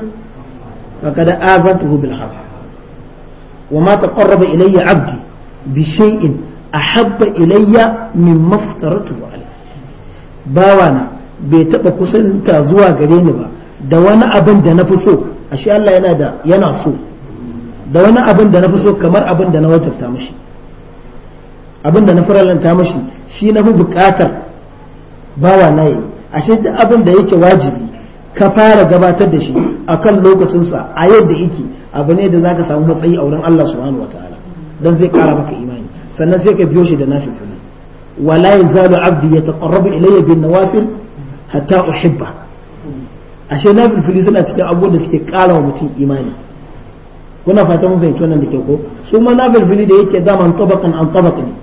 faqad azantuhu bil harb wa ma taqarraba ilayya abdi bi shay'in ahabba ilayya mimma aftaratu alayhi bawana bai taba kusanta zuwa gare ni ba da wani abin da na fi so ashe Allah yana da yana so da wani abin da na fi so kamar abin da na wajabta mashi abin da na faralanta mashi shi na fi buƙatar. bawa nayi ashe duk abin da yake wajibi ka fara gabatar da shi akan lokacinsa a yadda yake abu ne da zaka samu matsayi a wurin Allah subhanahu wataala dan zai kara maka imani sannan sai ka biyo shi da nafilfili wala yazalu abdi yataqarrabu ilayya bin nawafil hatta uhibba ashe nafilfili suna cikin abubuwan da suke kara wa mutum imani kuna fatan mun fahimci wannan da ke ko su ma nafilfili da yake zaman tabakan an tabaq ne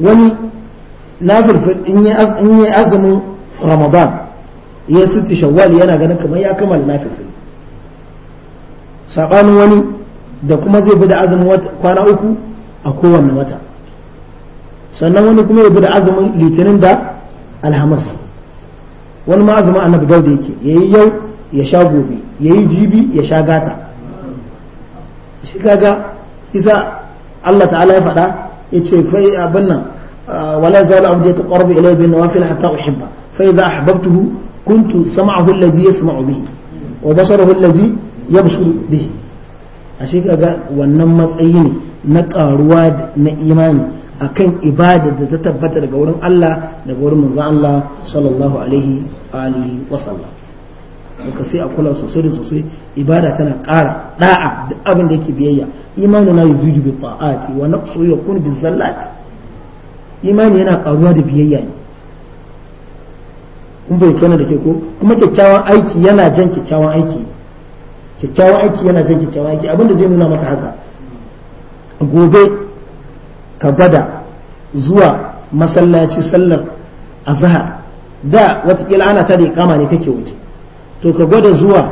wani nafilfil in yi azumin ramadan ya sitti shawwal yana ganin kamar ya na nafilfil saɓanin wani da kuma zai bi da azumin kwana uku a kowane wata sannan wani kuma ya bi da azumin litinin da alhamis wani ma azumin annabi dauda yake ya yi yau ya sha gobe ya yi jibi ya sha gata shi kaga isa Allah ta'ala ya faɗa ya ce fai abin nan آه، ولا زال عبدي تقرب إليه بالنوافل حتى أحبه فإذا أحببته كنت سمعه الذي يسمع به وبصره الذي يبصر به أشيك أقال والنمى سأيني نكا رواد نإيمان أكن إبادة تتبت لقول الله لقول من الله صلى الله عليه وآله وسلم وكسي أقول سوسي سوسي إبادة أنا قال أبن ديكي بيئة إيماننا يزيج بالطاعات ونقص يكون بالزلات imani yana karuwa da biyayya ne kun bai tona da ke ko kuma kyakkyawan aiki yana jan kyakkyawan aiki kyakkyawan aiki yana jan kyakkyawan aiki abinda zai nuna maka haka gobe ka gwada zuwa masallaci sallar a zahar. da watakila ana ta da ikama ne kake waje to ka gwada zuwa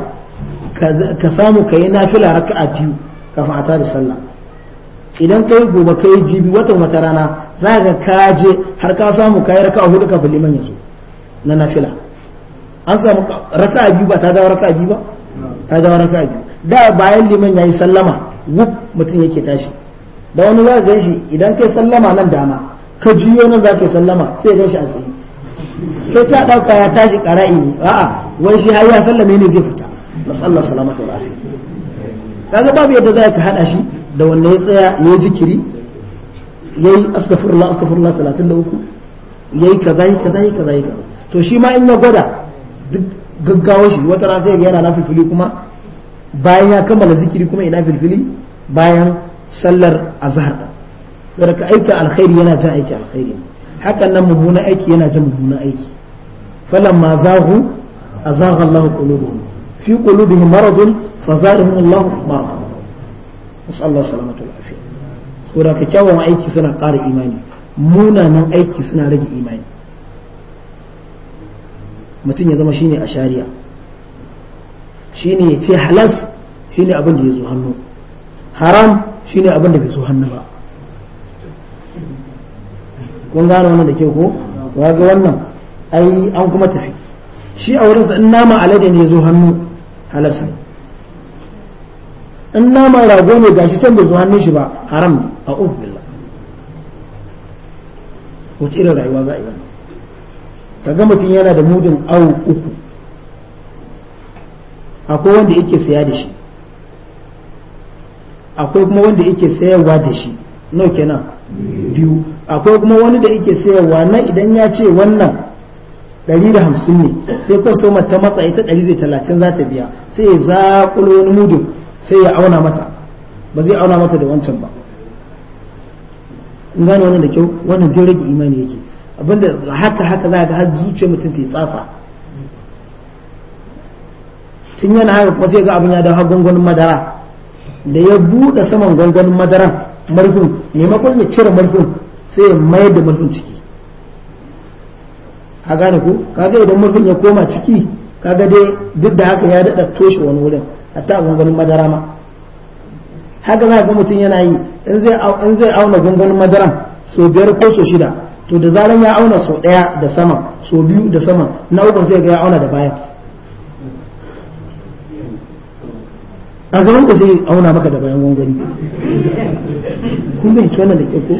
ka samu ka yi nafila raka'a biyu kafin a tada sallah idan kai gobe kai jibi watan wata rana za ka kaje har ka samu kayi raka hudu ka liman man na nafila an samu raka biyu ba ta dawo raka biyu ba ta dawo raka biyu da bayan liman yayi sallama wuf mutum yake tashi da wani za ka shi idan kai sallama nan dama ka juyo nan za ka sallama sai ya shi a tsaye kai ta dauka ya tashi qara'i ne a'a wai shi har ya sallame ne zai fita nasallahu salamatu wa kaga babu yadda za ka hada shi da wanne ya tsaya ya zikiri yayi astaghfirullah astaghfirullah 33 yayi kaza yayi kaza yayi kaza yayi kaza to shi ma in na gwada duk gaggawar shi wata rana sai yana na filfili kuma bayan ya kammala zikiri kuma ina filfili bayan sallar azhar da ka aika alkhairi yana jan aiki alkhairi hakan nan mummunan aiki yana jan mummunan aiki falamma zahu azagha Allah qulubuhum fi qulubihim maradun Allah saboda ka aiki suna ƙara imani munanan aiki suna rage imani mutum ya zama shine a shari'a shine ya ce halas shine abin da ya zo hannu haram shine abin da bai zo hannu ba kun gano wannan da ke ko ga wannan ai an kuma tafi shi a wurinsa in nama alade ne ya zo hannu halas in naman rago ne gashi can bai zo hannun shi ba haram ne a billah wace irin rayuwa za a yi wannan kaga mutum yana da mudin awu uku akwai wanda yake saya da shi akwai kuma wanda yake sayarwa da shi nau kenan biyu akwai kuma wani da yake sayarwa na idan ya ce wannan 150 ne sai kwastomar ta matsa ita 130 za ta biya sai ya zaƙulo wani mudin sai ya auna mata ba zai auna mata da wancan ba in gane wannan da kyau wannan dai rage imani yake abinda haka haka za ga har zuciyar mutum ta yi tun yana haka kuma sai ga abin ya dawo har gwangwanin madara da ya buɗe saman gwangwanin madaran marfin maimakon ya cire marfin sai ya mayar da marfin ciki a gane ko kaga idan marfin ya koma ciki kaga dai duk da haka ya daɗa toshe wani wurin hatta gungunin madara ma haka za ga mutum yana yi in zai auna gungunin madaran sau biyar ko sau shida to da zaran ya auna sau ɗaya da sama sau biyu da sama na ukun sai ga ya auna da bayan a gaban ka sai auna maka da bayan gwangwani kun bai tona da kyau ko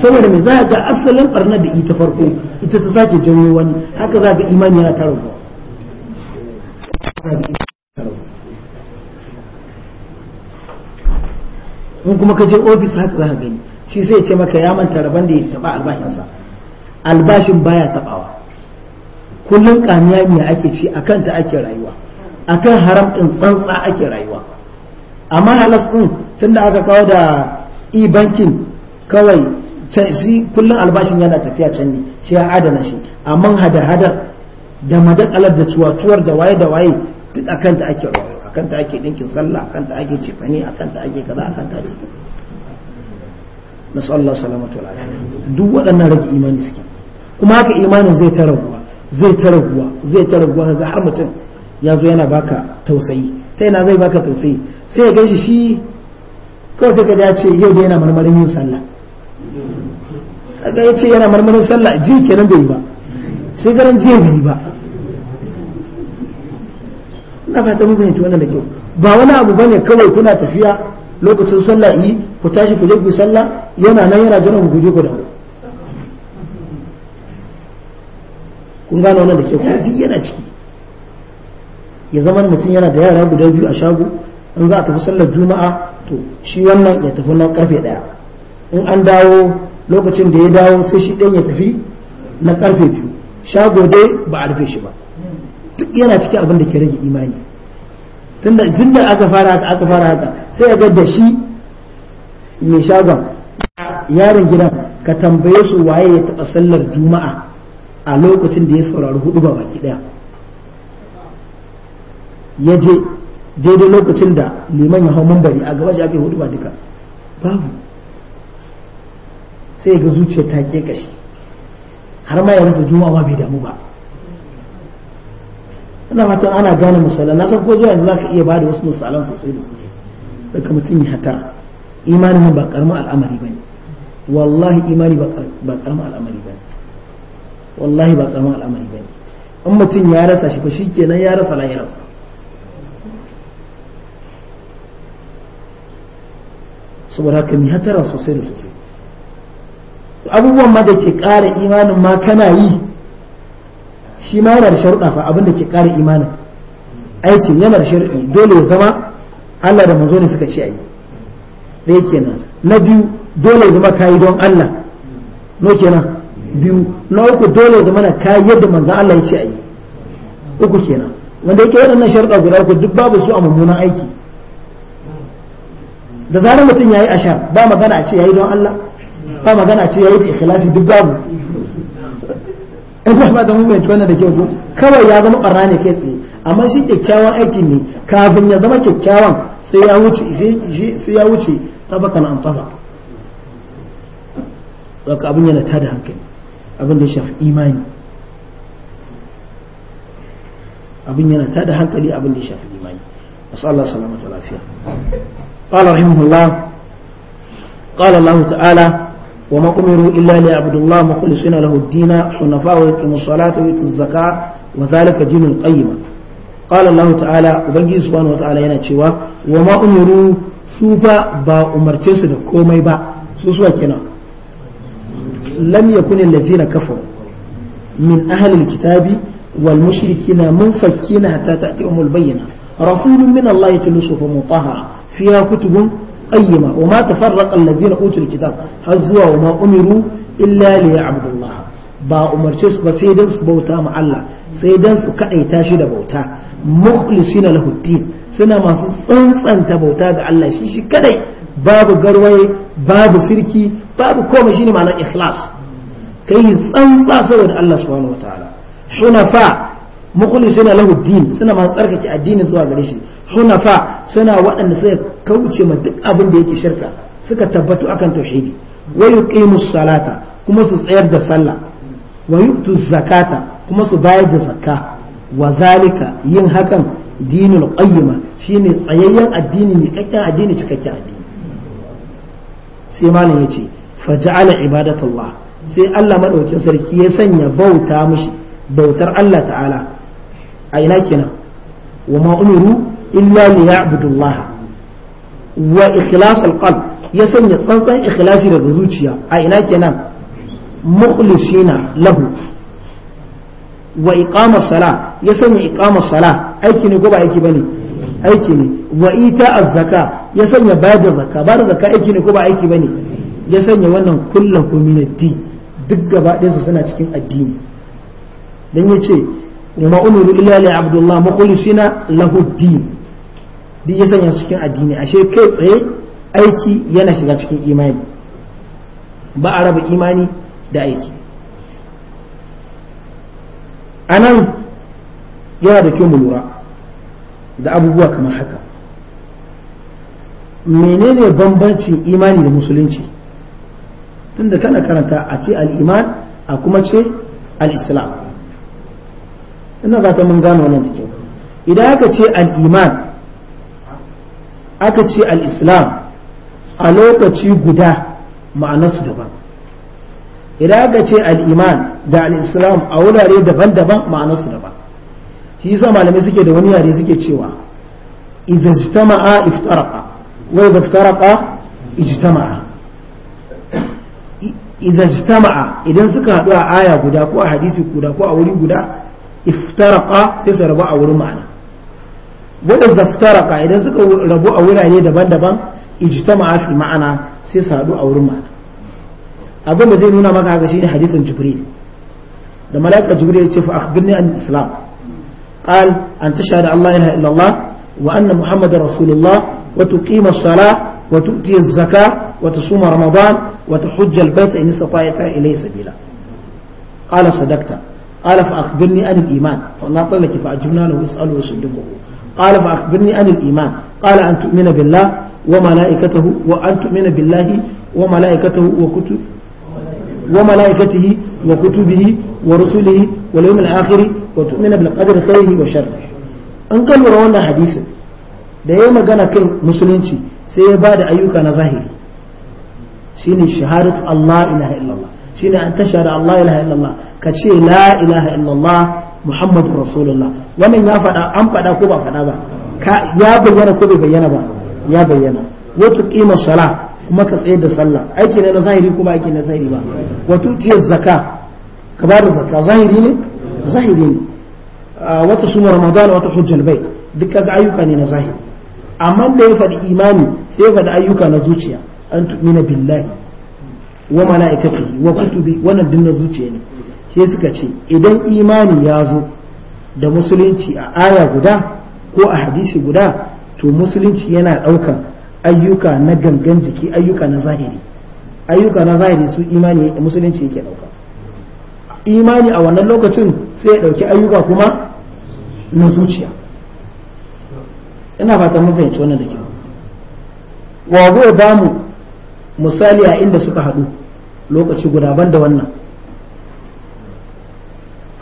saboda mai za ga asalin barna da ita farko ita ta sake janyo wani haka za ga imani yana tara in kuma ka je ofis haka za ka gani shi sai ce maka ya manta rabon da ya taba albashinsa albashin baya tabawa kullum kamiya ne ake ci a kanta ake rayuwa a kan haram ɗin tsantsa ake rayuwa amma halas ɗin tunda aka kawo da e bankin kawai shi kullum albashin yana tafiya can ne shi ya adana shi amma hada-hadar da madakalar da cuwa da waye da waye duk a kanta ake rayuwa akan ta ake dinkin sallah akan ta ake cefani akan ta ake kaza akan ta ake kaza nasu Allah salamatu wa duk waɗannan rage imani suke kuma haka imanin zai ta raguwa zai ta raguwa zai ta raguwa ga har mutum ya zo yana baka tausayi ta yana zai baka tausayi sai ya gaishe shi kawai sai ka ya ce yau da yana marmarin yin sallah kaga ya ce yana marmarin sallah jiya kenan bai yi ba sai garan jiya bai yi ba ina fata mun fahimci wannan da kyau ba wani abu bane kawai kuna tafiya lokacin sallah yi ku tashi ku je ku sallah yana nan yana jiran ku je ku dawo kun gano wannan da kyau duk yana ciki ya zaman mutum yana da yara guda biyu a shago in za a tafi sallar juma'a to shi wannan ya tafi na karfe daya in an dawo lokacin da ya dawo sai shi ɗan ya tafi na karfe biyu shago dai ba a rufe shi ba duk yana cikin abin da ke rage imani tunda da aka fara haka aka fara haka sai ga da shi mai shagon yaron gidan ka tambaye su waye ya taɓa sallar juma'a a lokacin da ya saurari hudu ba baki ɗaya ya je daidai lokacin da liman ya hau mambari a gaba shi aka yi hudu ba duka babu sai ga zuciya ta ke kashi har ma ya rasa juma'a ba bai damu ba ina fatan ana gane misalan na san ko zuwa yanzu zaka iya bada wasu misalan sosai da sosai daga mutum ya hatara imanin ba karamin al'amari bane wallahi imani ba karamin al'amari bane wallahi ba karamin al'amari bane in mutum ya rasa shi fa shikenan ya rasa lahirarsa saboda haka mi hatara sosai da sosai abubuwan ma da ke ƙara imanin ma kana yi shi ma yana da sharuɗa fa abin da ke ƙara imanin aikin yana da sharuɗi dole ya zama Allah da manzo ne suka ce ayi ɗaya kenan na biyu dole ya zama kayi don Allah no kenan biyu na uku dole ya zama na kayi yadda manzo Allah ya ce ayi uku kenan wanda yake waɗannan sharuɗa guda uku duk babu su a mummunan aiki da zarar mutum ya yi ashar ba magana a ce ya yi don Allah ba magana a ce ya yi da ikhlasi duk babu in kuma ba ta mun bayyana da kyau ko kawai ya zama barna ne kai tsaye amma shi kyakkyawan aiki ne kafin ya zama kyakkyawan sai ya wuce sai ya wuce tabakan an taba haka abin yana tada hankali abin da ya shafi imani abin yana tada hankali abin da ya shafi imani أسأل الله سلامة والعافية قال رحمه الله قال الله تعالى وما أمروا إلا ليعبدوا الله مخلصين له الدين حنفاء ويقيموا الصلاة ويؤتوا الزكاة وذلك دين القيمة قال الله تعالى وبنجي سبحانه وتعالى هنا تشوى وما أمروا سوفا با أمرتس كومي با سوسوا كنا لم يكن الذين كفروا من أهل الكتاب والمشركين منفكين حتى تأتيهم البينة رسول من الله يتلو سوفا مطهرة فيها كتب qayyima wa ma tafarraqa allazina utul kitab har zuwa uma, ma umiru illa liya'budullah ba umarce su ba sai dan su bauta ma Allah sai dan su ta shi da bauta mukhlisina lahu din suna masu tsantsanta bauta ga Allah shi shi kadai babu garwaye babu sirki babu komai shine ma'anar ikhlas kai tsantsa saboda Allah subhanahu wataala hunafa mukhlisina lahu din suna masu tsarkake addinin zuwa gari shi hunafa suna waɗanda suka kauce ma duk abin da yake shirka suka tabbatu akan tauhidi wa yuqimus salata kuma su tsayar da sallah wa yu'tu zakata kuma su bayar da zakka wa zalika yin hakan dinul qayyima shine tsayayyen addini ne kakkan addini cikakken addini sai malam yace faja'ala ibadatullah sai Allah madaukakin sarki ya sanya bauta mushi bautar Allah ta'ala a ina kenan wa ma umiru illa liya'budullaha wa ikhlas alqalb ya sanya tsantsan ikhlasi daga zuciya a ina kenan mukhlishina lahu wa iqama sala ya sanya iqama sala aiki ne ko ba aiki bane aiki ne wa ita az-zaka ya sanya bada zakka bada zakka aiki ne ko ba aiki bane ya sanya wannan kullu community duk gaba ɗayansa suna cikin addini dan yace wa ma umiru illa li abdullah mukhlishina lahu din duk ya sanya su cikin addini ashe kai tsaye aiki yana shiga cikin imani ba a raba imani da aiki a nan yana da kyau mu lura da abubuwa kamar haka menene bambancin imani da musulunci tunda kana karanta a ce al'iman a kuma ce al'islam ina ta mun gano wannan da kyau idan aka ce al'iman aka ce al-islam a lokaci guda ma'anarsu daban idan aka ce al-iman da al-islam a wurare daban-daban ma'anarsu daban shi yasa malamai suke da wani yare suke cewa idan jitama'a iftaraka wa idza iftaraqa ijtama'a idan jitama'a idan suka haɗu a aya guda ko a hadisi guda ko a wuri guda iftaraka sai su rabu a wurin ma'ana waɗanda fitara idan suka rabu a wurare daban-daban ijtama'a fil ma'ana sai su haɗu a wurin ma'ana abin da zai nuna maka haka shine hadisin jibril da mala'ika jibril ya ce fa akhbirni an islam qal an tashhadu allah ilaha allah wa anna muhammadar rasulullah wa tuqima as-salah wa tu'ti az-zakah wa tasuma ramadan wa tahujja al-bayt in istata'ta ilayhi sabila qala sadaqta qala fa akhbirni an al-iman fa na talaki fa ajibna lahu is'alu wa saddiqahu qala a birni anil iman qala an tu'mina billah wa malaikatahu wa an tu'mina billahi wa malaikatahu wa kutub wa malaikatihi wa kutubihi wa rusulihi wal yawmil wa wa an wannan hadisin da ya magana kan musulunci sai ya ba da ayyuka na zahiri shine shahadatu Allah ilaha illallah shine an tashhadu Allah ilaha illallah ka ce la ilaha illallah muhammadu rasulullah wannan ya faɗa an faɗa ko ba faɗa ba ya bayyana ko bai bayyana ba ya bayyana wato kima sala kuma ka tsayar da sallah aiki ne na zahiri kuma aiki na zahiri ba wato tiya zakka ka ba da zakka zahiri ne zahiri ne wata suna ramadan wata hujjal bai duk ga ayyuka ne na zahiri amma da ya faɗi imani sai ya faɗi ayyuka na zuciya an tu'mina billahi wa malaikati wa kutubi wannan din na zuciya ne sai suka ce idan imani ya zo da musulunci a aya guda ko a hadisi guda to musulunci yana ɗaukan ayyuka na gangan jiki ayyuka na zahiri ayyuka na zahiri su imani musulunci yake ɗauka imani a wannan lokacin sai ya ɗauki ayyuka kuma na zuciya ina fata mun fahimci wannan da kyau wa ba mu misali a inda suka haɗu lokaci guda ban da wannan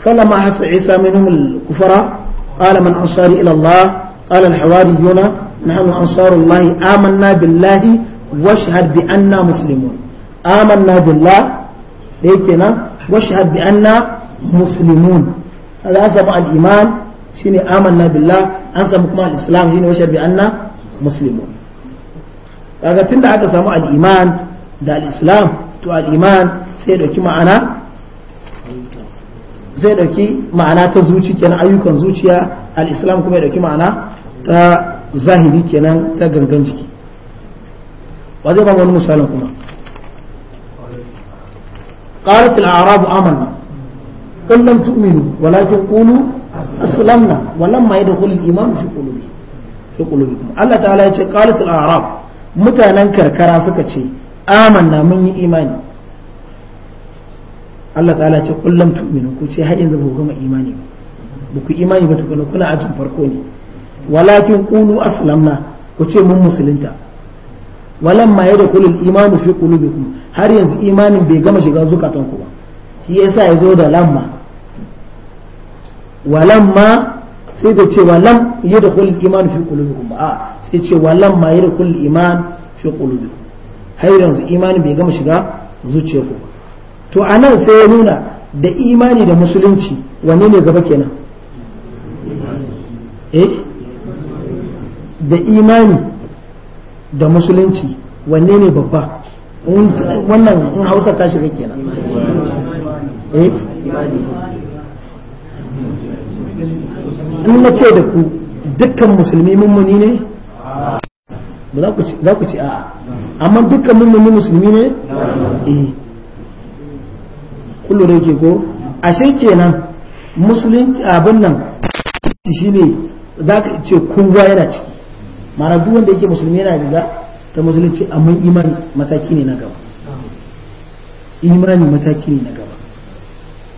فلما حس عيسى منهم الكفر قال من أنصاري إلى الله قال الحواريون نحن أنصار الله آمنا بالله واشهد بأننا مسلمون آمنا بالله ليكنا واشهد بأننا مسلمون هذا أنسى مع الإيمان شيني آمنا بالله أنسى مع الإسلام شيني واشهد بأننا مسلمون kaga tunda aka samu al'iman da al'islam to al'iman sai ya ɗauki ma'ana zai dauki ma'ana ta zuci kenan ayyukan zuciya al-islam kuma ya dauki ma'ana ta zahiri kenan ta gangan jiki wa zai ba wani misalin kuma قالت الأعراب آمنا قل لم تؤمنوا ولكن قولوا أسلمنا ولما يدخل الإيمان في iman fi Fi qulubikum Allah ta'ala ya ce qalat al-a'rab mutanen karkara suka ce amanna mun yi imani Allah ta'ala ce kullum tu'minu ku ce har yanzu ba gama imani ba ba ku imani ba tukuna kuna ajin farko ne walakin qulu aslamna ku ce mun musulunta walamma yadkhulul imanu fi qulubikum har yanzu imanin bai gama shiga zukatan ku ba shi yasa yazo da lamma walamma sai da ce walam yadkhulul imanu fi qulubikum a sai ce walamma yadkhulul iman fi qulubikum har yanzu imanin bai gama shiga zuciyarku ba to a nan sai ya nuna da imani da musulunci wanne ne gaba kenan eh da imani da musulunci wanne ne babba wannan in hausa ta shiga kenan eh in na ce da ku dukkan musulmi mummuni ne Ba za ku ci a'a amma dukkan mummuni musulmi ne eh kullu da ke ko ashe kenan musulunci abin nan ne za ka ce kowa yana ciki ma'ana duk wanda yake musulmi yana riga ta musulunci amma imani mataki ne na gaba imani mataki ne na gaba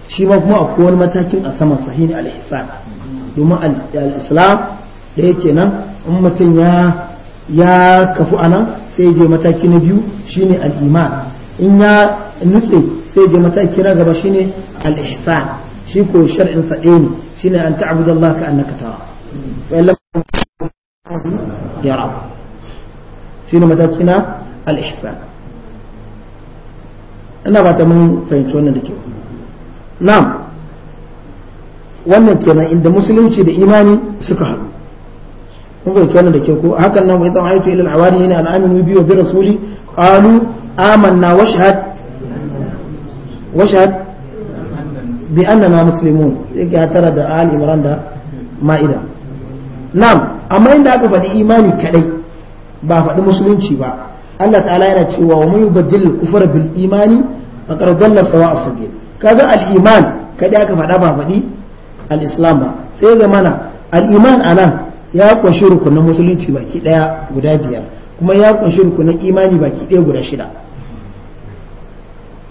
shi ma kuma akwai wani matakin a saman sahihin al-ihsan domin al-islam da yake nan in mutum ya ya kafu anan sai ya je mataki na biyu shine al-iman in ya nutse sai je mataki na gaba shine al-ihsan shi ko shar'in sa ɗaya ne shine an ta'budu Allah ka annaka tara wa lam yara shine mataki na al-ihsan ina ba ta mun fahimci wannan da ke na'am wannan kenan inda musulunci da imani suka haɗu kun fahimci wannan da ke ko hakan nan wa idan aitu ila al-awari ne al-aminu bi wa bi rasuli qalu amanna wa washhad washad bi annana muslimun ya tara da al imran da ma'ida nam amma inda aka faɗi imani kadai ba faɗi musulunci ba Allah ta'ala yana cewa wa man yubaddil kufra bil imani faqad dalla sawa'a sabil kaga al iman kadai aka faɗa ba faɗi al ba sai ga mana al iman nan ya kunshi rukunin musulunci baki ɗaya guda biyar kuma ya kunshi rukunin imani baki ɗaya guda shida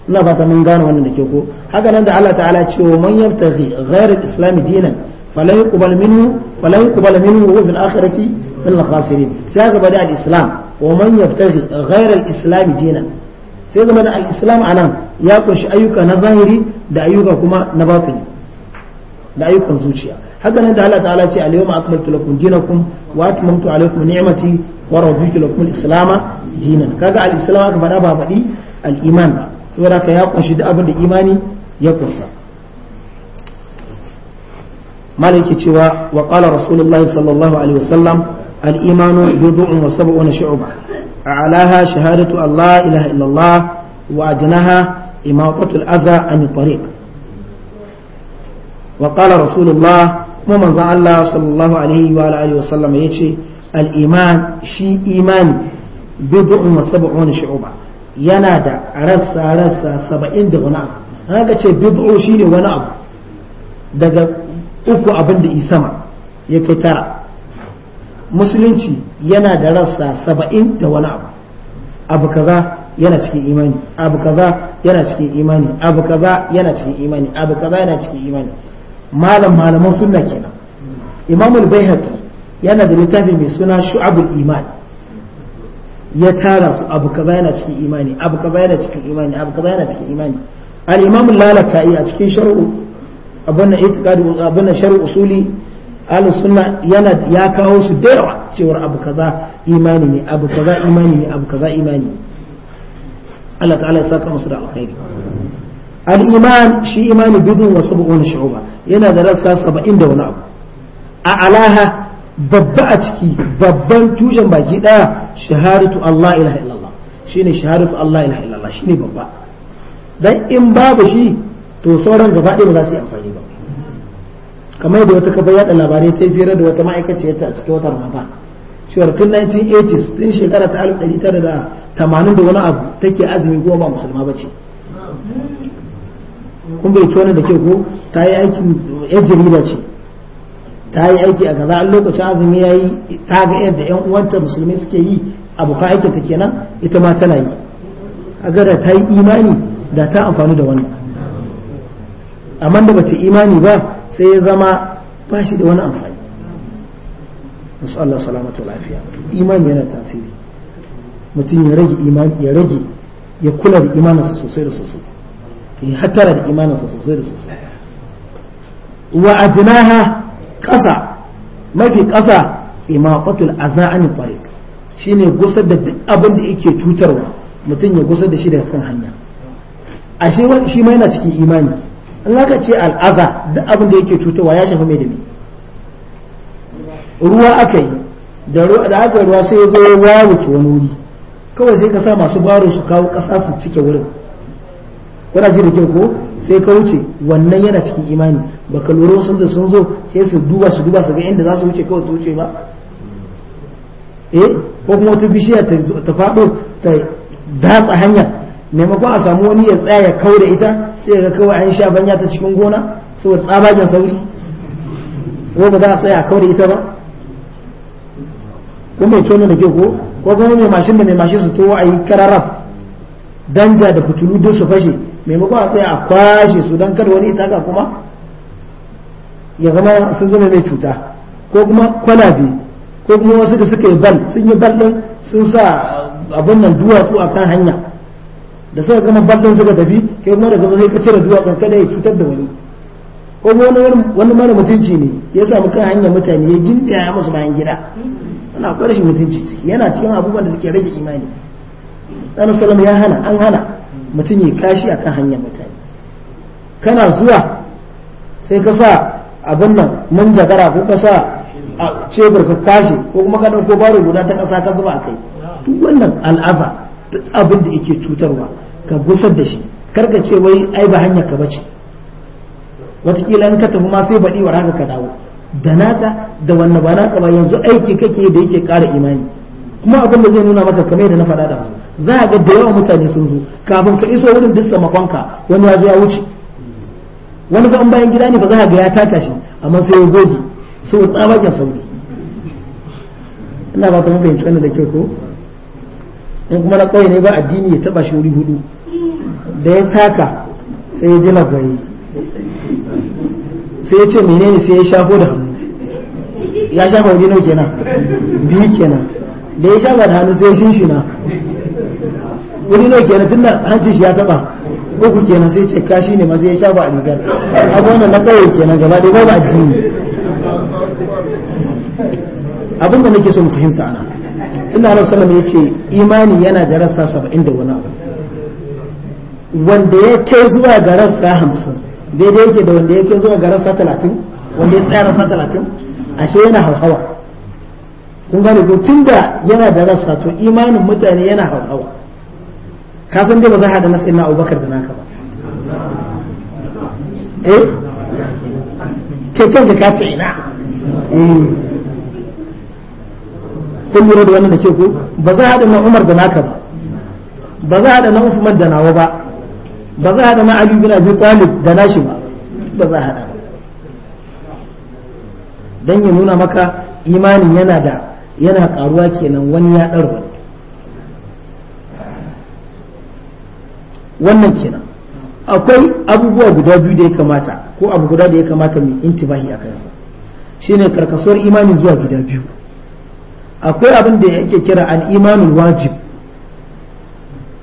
ina fata mun gane wannan da ke ko haka nan da Allah ta'ala ce wa man yabtaghi ghayra al-islam dinan falan yuqbal minhu falan yuqbal minhu wa fil akhirati min al-khasirin sai ga bada al-islam wa man yabtaghi ghayra al-islam dinan sai zama da al-islam anan ya kunshi ayyuka na zahiri da ayyuka kuma na batini da ayyukan zuciya haka nan da Allah ta'ala ce al-yawma akmaltu lakum dinakum wa atmamtu alaykum ni'mati wa raditu lakum al-islam dinan kaga al-islam aka faɗa ba faɗi al-iman ba saboda ya kunshi da abin da imani ya kunsa malaki cewa wa qala rasulullahi sallallahu alaihi wasallam al-imanu bid'un wa sab'una shu'ba a'laha shahadatu Allah ilaha illallah wa ajnaha imatatu al-adha an tariq wa qala rasulullah kuma manzon Allah sallallahu alaihi wa alihi wasallam yace al-iman shi imani bid'un wa yana da rassa rassa saba'in da wani abu haka ce bid'u ne wani abu daga uku abin da isama ya fi tara musulunci yana da rassa saba'in da wani abu abu kaza yana cikin imani abu kaza yana cikin imani abu kaza yana cikin imani abu kaza yana cikin imani malam malaman sunna kenan imamul baihaqi yana da littafi mai suna shu'abul iman ya tara su abu kaza yana cikin imani abu kaza yana cikin imani abu kaza yana cikin imani al-imam lalata lalakai a cikin shar'u abun itiqadi abun nan shar'u usuli ahlus sunna yana ya kawo su da yawa cewar abu kaza imani ne abu kaza imani ne abu kaza imani ne Allah ta'ala ya saka musu da alkhairi al-iman shi imani bidun wa sab'un shu'ba yana da rassa 70 da wani abu a alaha babba a ciki babban tushen baki daya shahadatu Allah ilaha illallah shine shahadatu Allah ilaha illallah shine babba dan in babu shi to sauran gaba ɗaya ba za su yi amfani ba kamar da wata kafa yada labarai ta fira da wata ma'aikaciyar ta cikin wata mata cewa tun 1980s tun shekara ta 1980 da wani abu take azumi ko ba musulma bace kun bai ci wani da ke ko ta yi aikin yan jarida ce ta yi aiki a kaza lokacin azumi ya yi ta ga yadda yan uwanta musulmi suke yi abu fa aikin ta kenan ita ma tana yi a da ta yi imani da ta amfani da wannan amma da bata imani ba sai ya zama ba shi da wani amfani masu Allah salamatu lafiya imani yana tasiri mutum ya rage imani ya rage ya kula da imaninsa sosai da sosai ya hatara da imaninsa sosai da sosai wa adnaha ƙasa mafi ƙasa imaqatul aza an tariq shine gusar da duk abin da yake cutarwa mutum ya gusar da shi daga kan hanya ashe shi ma yana cikin imani in aka ce al'aza duk abin da yake cutarwa ya shafi mai da ruwa aka yi da aka ruwa sai ya zo ya wani wuri kawai sai ka sa masu baro su kawo ƙasa su cike wurin kuna ji da kyau ko sai ka wuce wannan yana cikin imani ba ka lura wasu da sun zo sai su duba su duba su ga inda za su wuce kawai su wuce ba eh ko kuma wata bishiya ta faɗo ta datsa hanya maimakon a samu wani ya tsaya ya kau da ita sai ga kawai an sha banya ta cikin gona saboda tsabagen sauri ko ba za a tsaya a kau da ita ba kuma tona da ke ko ko kuma mai mashin da mai mashin su towa a yi kararraf danja da fitulu duk su fashe maimakon a tsaya a kwashe su don kada wani itaka kuma ya zama sun zama mai cuta ko kuma kwalabe ko kuma wasu da suka yi bal sun yi bal din sun sa abin nan duwatsu a kan hanya da suka gama bal din suka tafi kai kuma daga sai ka cire duwatsun kada ya cutar da wani ko kuma wani wani mara mutunci ne ya samu kan hanya mutane ya gindaya ya musu bayan gida ana akwai rashin mutunci ciki yana cikin abubuwan da suke rage imani dan salam ya hana an hana mutum ya kashi akan hanyar mutane kana zuwa sai ka sa abin nan jagara ko ka sa a cebur ka kwashe ko kuma ka ɗauko baro guda ta ƙasa ka zuba a kai duk wannan al'aza duk abin da yake cutarwa ka gusar da shi kar ka ce wai ai ba hanyar ka bace watakila in ka tafi ma sai baɗi wa haka ka dawo da naka da wanne ba naka ba yanzu aiki kake da yake ƙara imani kuma abin da zai nuna maka kamar da na faɗa da su za a ga da yawan mutane sun zo kafin ka iso wurin duk samakonka wani ya zo ya wuce wani fa bayan gida ne ba za a ga ya taka shi amma sai ya goji sai tsabagen sauri ina ba ta mafi wannan da ke ko in kuma na ƙauye ne ba addini ya taba shi wuri hudu da ya taka sai ya ji labarai sai ya ce menene sai ya shafo da hannu ya shafa wuri nau kenan biyu kenan da ya shafa da hannu sai ya shinshina wani nawa kenan tun da hancin shi ya taba uku kenan sai ce kashi ne masu ya sha ba a rigar abu wannan na kawai kenan gaba dai ba addini abin da nake so mu fahimta ana ina rasu sallama ya ce imani yana da rasa saba'in da wani abu wanda ya kai zuwa ga rasa hamsin daidai yake da wanda ya kai zuwa ga rasa talatin wanda ya tsaya rasa talatin ashe yana hauhawa kun gane ko tun da yana da rasa to imanin mutane yana hauhawa ka san dai ba za a haɗa nasa ina abubakar da naka ba eh kai da ka ce ina eh. kun lura da wannan da ke ku ba za a haɗa na umar da naka ba ba za a haɗa na usman da nawa ba ba za a haɗa na ali bin abi talib da nashi ba ba za a haɗa ba don ya nuna maka imanin yana da yana karuwa kenan wani ya ɗarwa wannan kenan akwai abubuwa guda biyu da ya kamata ko abu guda da ya kamata mu intibahi a kansa shine karkasuwar imani zuwa gida biyu akwai abin da yake kira an imanul wajib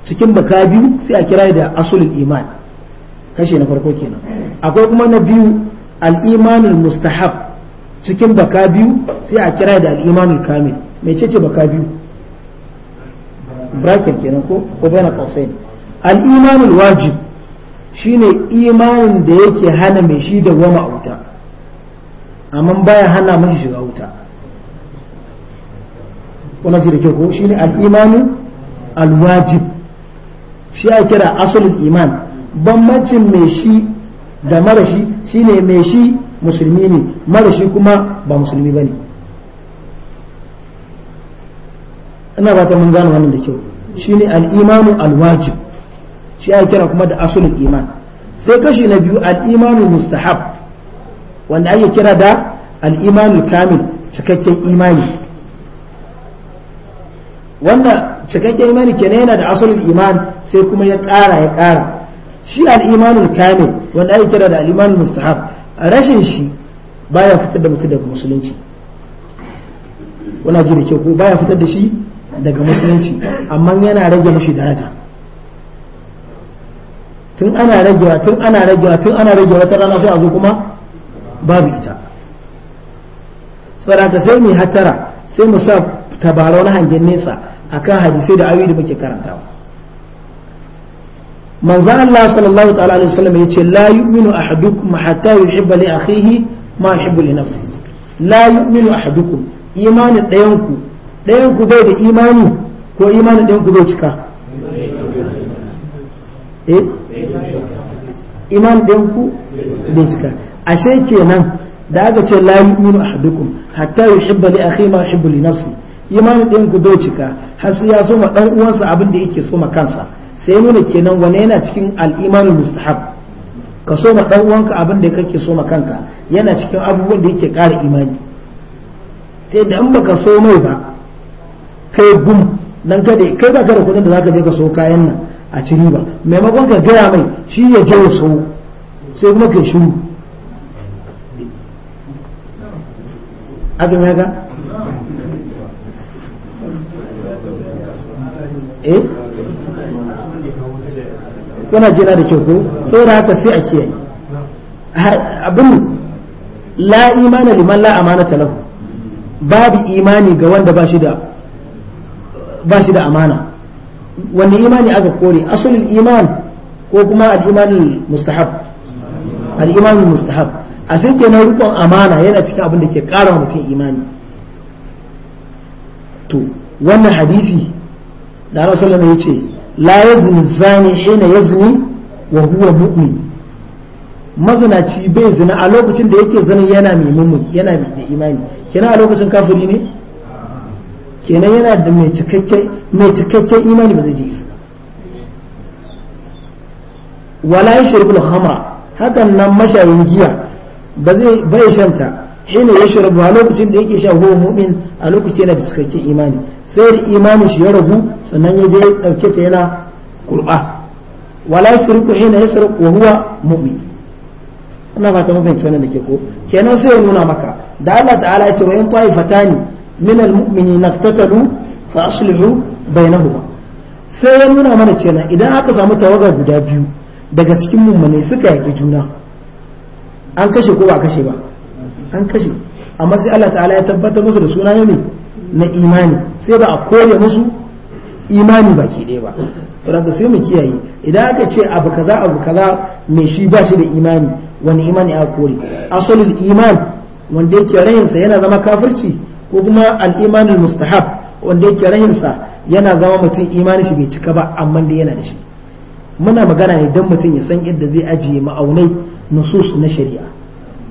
cikin baka biyu sai a kira da asulul iman kashe na farko kenan akwai kuma na biyu al mustahab cikin baka biyu sai a kira da al imanul kamil mecece baka biyu bracket kenan ko ko bayan qausain al'imanin wajib shine imanin da yake hana mai shi da wama a wuta amma baya hana shi shiga wuta wannan ji da kyau ko shine al'imanin alwajib shi ya kira asalin iman mace mai shi da mara shi shine mai shi musulmi ne mara shi kuma ba musulmi ba ne ina ba ta mun gano wannan da kyau shine al'imanu alwajib shi ya kira kuma da asulul iman sai kashi na biyu al-imanul mustahab wanda ake kira da al-imanul kamil cikakken imani wannan cikakken imani kenan yana da asulul iman sai kuma ya ƙara ya ƙara shi al-imanul kamil wanda ake kira da al-imanul mustahab rashin shi baya fitar da mutum daga musulunci wana ji da kyau ko baya fitar da shi daga musulunci amma yana rage mashi daraja tun ana ragewa tun ana ragewa tun ana ragewa wata rana sai a zo kuma babu ita saboda sai mu hatara sai mu sa tabarau na hangen nesa akan hadisi da ayoyi da muke karantawa manzo Allah sallallahu ta'ala alaihi wasallam yace la yu'minu ahadukum hatta yuhibba li akhihi ma yuhibbu li nafsihi la yu'minu ahadukum imanin dayanku dayanku bai da imani ko imanin dayanku bai cika eh iman ɗin ku bai cika ashe kenan da aka ce la yu'minu ahadukum hatta yuhibba li akhihi ma yuhibbu li nafsi imanin ɗin ku bai cika har sai ya soma dan uwansa abin da yake soma kansa sai nuna kenan wane yana cikin al-imanul mustahab ka soma dan uwanka abin da kake soma kanka yana cikin abubuwan da yake ƙara imani ta yadda in baka so mai ba kai gum nan kada kai ba ka da kuɗin da zaka je ka so kayan nan a ciri ba maimakon ka gaya mai shi ya je ya sau sai kuma ka shiru aka ga eh kuna jira da kyau ko da haka sai a kiyaye abin la imana liman la amana talahu babu imani ga wanda ba shi da amana wanne imani aka kore asalin iman ko kuma al'imanin mustahab Al'imanin mustahab a sai kenan rukun amana yana cikin abin da ke kara wa mutum imani to wannan hadisi da Allah na ya ce la yazni zani hina yazni wa huwa mu'min mazinaci bai zina a lokacin da yake zanen yana mai mumin yana mai imani Kina a lokacin kafiri ne kenan yana da mai cikakken imani ba zai je isa wala yashrabul hama hakan nan mashayin giya ba zai bai shanta hina yashrabu a lokacin da yake sha huwa mu'min a lokacin yana da cikakken imani sai da imanin shi ya ragu sannan ya je dauke ta yana kurba wala yasriku hina yasriku wa huwa mu'min ina ba ta mafi wannan da ke ko kenan sai ya nuna maka da Allah ta'ala ya ce wa in ne من المؤمنين اقتتلوا fa بينهما ba sai ya nuna mana kenan idan aka samu tawaga guda biyu daga cikin mummune suka yaƙi juna an kashe ko ba kashe ba an kashe amma sai Allah ta'ala ya tabbatar musu da suna ne na imani sai ba a kore musu imani baki ɗaya ba saboda sai mu kiyaye idan aka ce abu kaza abu kaza me shi ba shi da imani wani imani a kore asalul iman wanda yake rayinsa yana zama kafirci ko kuma al mustahab wanda yake rahinsa yana zama mutum imanin shi bai cika ba amma dai yana da shi muna magana ne dan mutum ya san yadda zai ajiye ma'aunai nusus na shari'a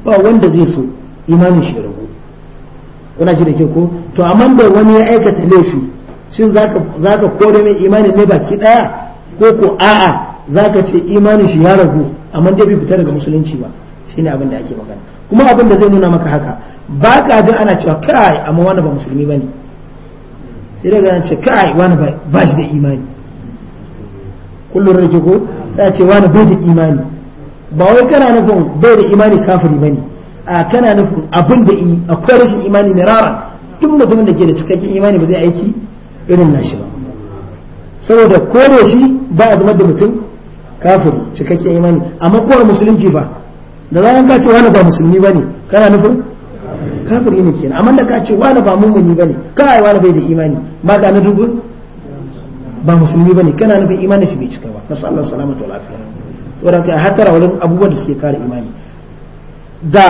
ba wanda zai so imanin shi ragu. kuna shi da ke ko to amma da wani ya aikata laifi shin zaka zaka kore mai imanin ne baki daya ko ko a'a zaka ce imanin shi ya ragu amma dai bai fita daga musulunci ba shine abin da ake magana kuma abin da zai nuna maka haka ba ka jin ana cewa kai amma wani ba musulmi ba ne sai daga an ce kai wani ba shi da imani kullum rage ko sai ce wani bai da imani ba wai kana nufin bai da imani kafiri ba ne a kana nufin abin da yi akwai rashin imani mai rara duk mutumin da ke da cikakken imani ba zai aiki irin nashi ba saboda da shi ba a da mutum kafiri cikakken imani amma kowar musulunci ba da zaran ka ce wani ba musulmi ba ne kana nufin kafiri ne kenan amma da ka ce wani ba mumuni bane kai wani bai da imani ba ga na dubu ba musulmi bane kana nufin imanin shi bai cika ba nasu Allah salamatu wa lafiya saboda kai hatara wurin abubuwan da suke kare imani da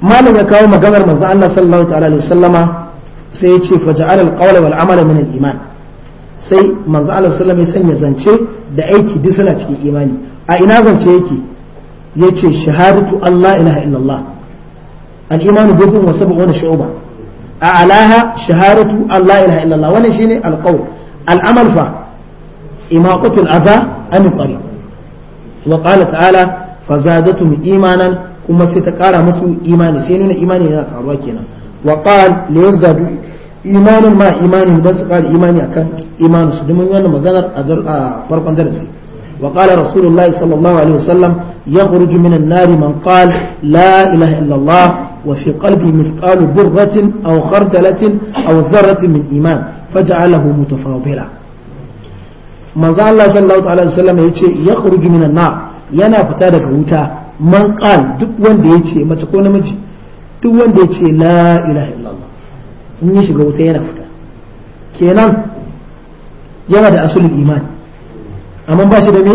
malam ya kawo maganar manzo Allah sallallahu ta'ala alaihi wasallama sai ya ce faja'al al-qawl wal amala min al-iman sai manzo Allah sallallahu ya sanya zance da aiki duk suna cikin imani a ina zance yake yace shahadatu Allah ilaha illallah al-imanu bid'un wa sab'una a a'laha shahadatu Allah ilaha illallah wannan shine al-qawl al-amal fa imaqatul adha an qari wa qala ta'ala fazadatum imanan kuma sai ta kara musu imani sai nuna imani yana karuwa kenan wa qala liyazdadu imanin ma imanin don su kara imani akan imaninsu domin wannan maganar a farkon darasi wa qala sallallahu alaihi wasallam يخرج من النار من قال لا إله إلا الله وفي قلبه مثقال ذرة أو خردلة أو ذرة من إيمان فجعله متفاضلا من ذا الله صلى الله عليه وسلم يخرج من النار yana fita daga wuta man qal duk wanda ya ce mace ko namiji duk wanda ya ce la ilaha illallah in shiga wuta yana fita kenan yana da asulin iman amma ba shi da me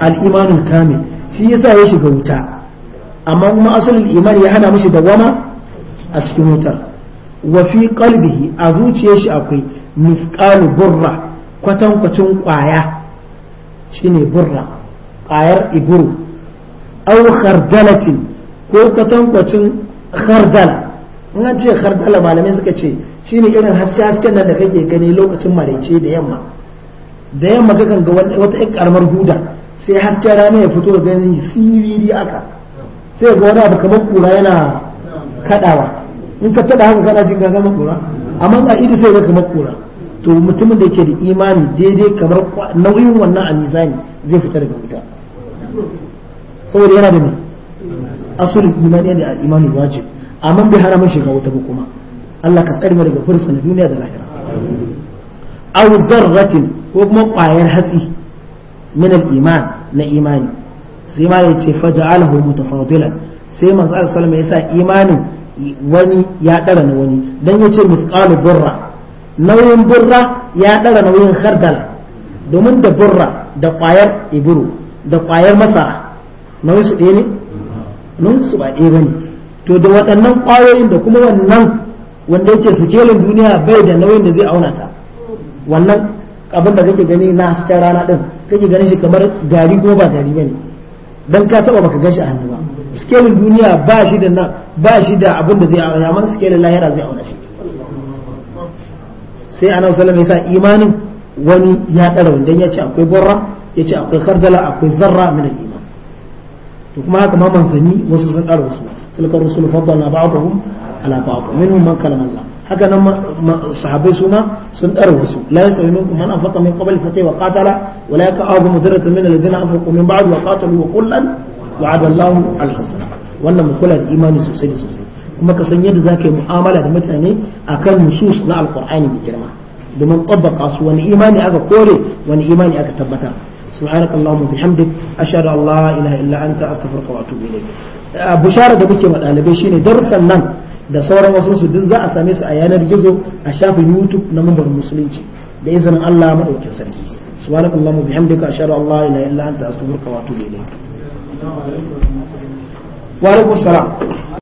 al’imanin kamil shi yasa ya shiga wuta amma kuma asalin iman ya hana mashi dawama a cikin wutar wa fi kalbihi a zuciyar shi akwai mifqalu burra kwatankwacin kwaya shine burra kwayar iburu au khardalatin ko kwatankwacin hardala in an ce khardala malamai suka ce shine irin haske hasken nan da kake gani lokacin maraice da yamma da yamma kakan ga wata ƴan karamar guda sai hasken rana ya fito ganin siriri aka sai ga wani abu kamar kura yana kadawa in ka tada haka kana jin gaga kura amma a ido sai ga kamar kura to mutumin da ke da imani daidai kamar nauyin wannan a zai fita daga wuta saboda yana da ni asulin imani da imani wajib amma bai hana mashi shiga wuta ba kuma Allah ka tsare mu daga fursa na duniya da lahira Awu darratin ko kuma ƙwayar hatsi من iman na imani sai ma متفاضلا سيما صلى sai عليه وسلم يسا ya وني imanin wani ya dara na wani dan yace mithqalu burra nauyin burra ya ɗara nauyin khardala domin da burra da kwayar iburu da kwayar masara su su ba to da waɗannan kwayoyin da kuma wannan wanda yake sikelin duniya bai da nauyin da zai auna ta wannan abin da kake gani na hasken rana din kake ganin shi kamar gari ko ba gari bane dan ka taba baka gashi a hannu ba skelin duniya ba shi da nan ba shi da abin da zai aure amma skelin lahira zai aure shi sai annabi sallallahu alaihi ya sa imanin wani ya dara wandan ya ce akwai burra ya akwai kardala akwai zarra min al-iman to kuma haka ma manzanni wasu sun dara wasu tilkar rusul faddala ba'dahum ala ba'd minhum man kalama Allah haka nan sahabbai su ma sun dara wasu la yastawi minkum man anfaqa min qabl fatay wa qatala wa la yaqa'u mudarratan min alladhina anfaqu min ba'd wa qatalu wa kullan wa'ada Allahu al-husna wannan mukula da imani sosai da sosai kuma ka san yadda zaka yi mu'amala da mutane akan nusus na alqur'ani mai girma domin tabbaka su wani imani aka kore wani imani aka tabbatar سبحانك اللهم وبحمدك أشهد أن لا إله إلا أنت أستغفرك وأتوب إليك بشارة da muke ma ɗalibai shine darussan nan da sauran wasu su duk za a same su a yanar gizo a shafin youtube na mambar musulunci da izinin allah maɗaukin sarki subhanak allahumma bihamdika ashhadu an la ilaha illa anta astaghfiruka wa atubu ilayk wa alaikum salam